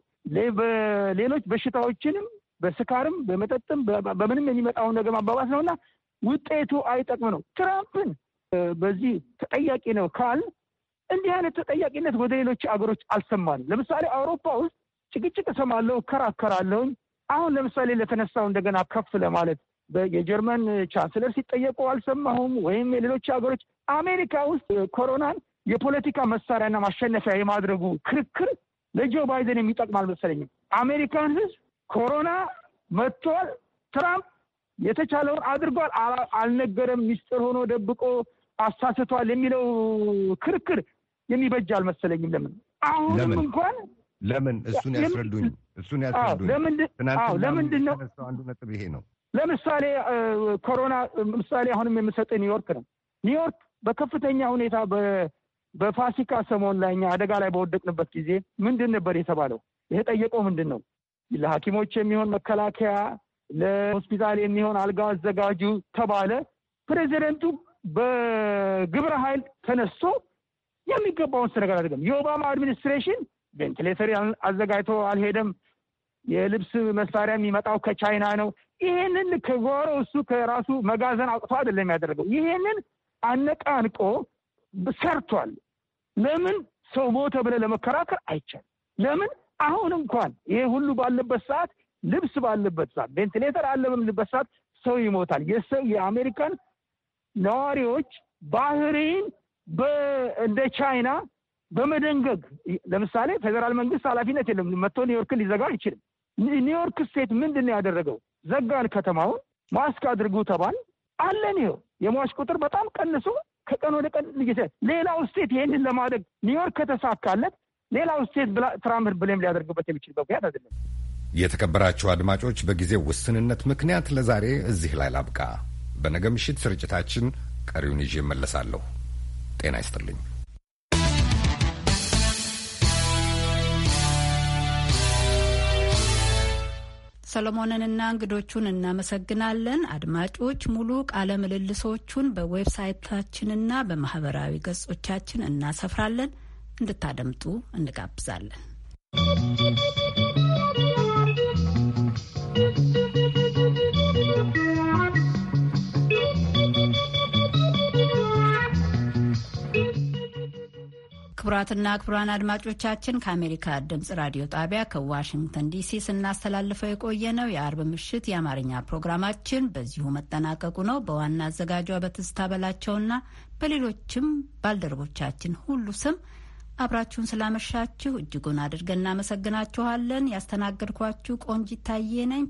ሌሎች በሽታዎችንም በስካርም በመጠጥም በምንም የሚመጣውን ነገር ማባባስ ነው እና ውጤቱ አይጠቅም ነው። ትራምፕን በዚህ ተጠያቂ ነው ካል እንዲህ አይነት ተጠያቂነት ወደ ሌሎች አገሮች አልሰማንም። ለምሳሌ አውሮፓ ውስጥ ጭቅጭቅ እሰማለሁ፣ እከራከራለሁኝ አሁን ለምሳሌ ለተነሳው እንደገና ከፍ ለማለት የጀርመን ቻንስለር ሲጠየቁ አልሰማሁም፣ ወይም የሌሎች ሀገሮች አሜሪካ ውስጥ ኮሮናን የፖለቲካ መሳሪያና ማሸነፊያ የማድረጉ ክርክር ለጆ ባይደን የሚጠቅም አልመሰለኝም። አሜሪካን ህዝብ ኮሮና መጥቷል፣ ትራምፕ የተቻለውን አድርጓል፣ አልነገረም፣ ሚስጥር ሆኖ ደብቆ አሳስቷል የሚለው ክርክር የሚበጃ አልመሰለኝም። ለምን አሁንም እንኳን ለምን እሱን ያስረዱኝ። እሱን ያስረዱኝ። ለምንድን ነው አንዱ ነጥብ ይሄ ነው። ለምሳሌ ኮሮና ምሳሌ አሁንም የምሰጠ ኒውዮርክ ነው። ኒውዮርክ በከፍተኛ ሁኔታ በፋሲካ ሰሞን ላይ እኛ አደጋ ላይ በወደቅንበት ጊዜ ምንድን ነበር የተባለው? ይሄ ምንድን ነው ለሐኪሞች የሚሆን መከላከያ፣ ለሆስፒታል የሚሆን አልጋ አዘጋጁ ተባለ። ፕሬዚደንቱ በግብረ ኃይል ተነስቶ የሚገባውን ስነገር አድርገም። የኦባማ አድሚኒስትሬሽን ቬንቲሌተር አዘጋጅቶ አልሄደም። የልብስ መሳሪያ የሚመጣው ከቻይና ነው። ይህንን ከጓሮ እሱ ከራሱ መጋዘን አውጥቶ አይደለም ያደረገው። ይህንን አነቃንቆ ሰርቷል። ለምን ሰው ሞተ ብለ ለመከራከር አይቻልም። ለምን አሁን እንኳን ይሄ ሁሉ ባለበት ሰዓት፣ ልብስ ባለበት ሰዓት፣ ቬንቲሌተር አለ በምልበት ሰዓት ሰው ይሞታል። የሰው የአሜሪካን ነዋሪዎች ባህሪን እንደ ቻይና በመደንገግ ለምሳሌ ፌዴራል መንግስት ኃላፊነት የለም። መጥቶ ኒውዮርክን ሊዘጋ አይችልም። ኒውዮርክ ስቴት ምንድን ነው ያደረገው? ዘጋን ከተማውን ማስክ አድርጉ ተባል አለን። ይኸው የሟች ቁጥር በጣም ቀንሶ ከቀን ወደ ቀን ልጅ ሌላው ስቴት ይህንን ለማድረግ ኒውዮርክ ከተሳካለት ሌላው ስቴት ትራምር ብሌም ሊያደርግበት የሚችል ምክንያት አይደለም። የተከበራቸው አድማጮች፣ በጊዜ ውስንነት ምክንያት ለዛሬ እዚህ ላይ ላብቃ። በነገ ምሽት ስርጭታችን ቀሪውን ይዤ እመለሳለሁ። ጤና ይስጥልኝ። ሰሎሞንንና እንግዶቹን እናመሰግናለን። አድማጮች ሙሉ ቃለ ምልልሶቹን በዌብሳይታችንና በማህበራዊ ገጾቻችን እናሰፍራለን። እንድታደምጡ እንጋብዛለን። ክቡራትና ክቡራን አድማጮቻችን ከአሜሪካ ድምጽ ራዲዮ ጣቢያ ከዋሽንግተን ዲሲ ስናስተላልፈው የቆየ ነው የአርብ ምሽት የአማርኛ ፕሮግራማችን በዚሁ መጠናቀቁ ነው። በዋና አዘጋጇ በትዝታ በላቸውና በሌሎችም ባልደረቦቻችን ሁሉ ስም አብራችሁን ስላመሻችሁ እጅጉን አድርገን እናመሰግናችኋለን። ያስተናገድኳችሁ ቆንጂት ታዬ ነኝ።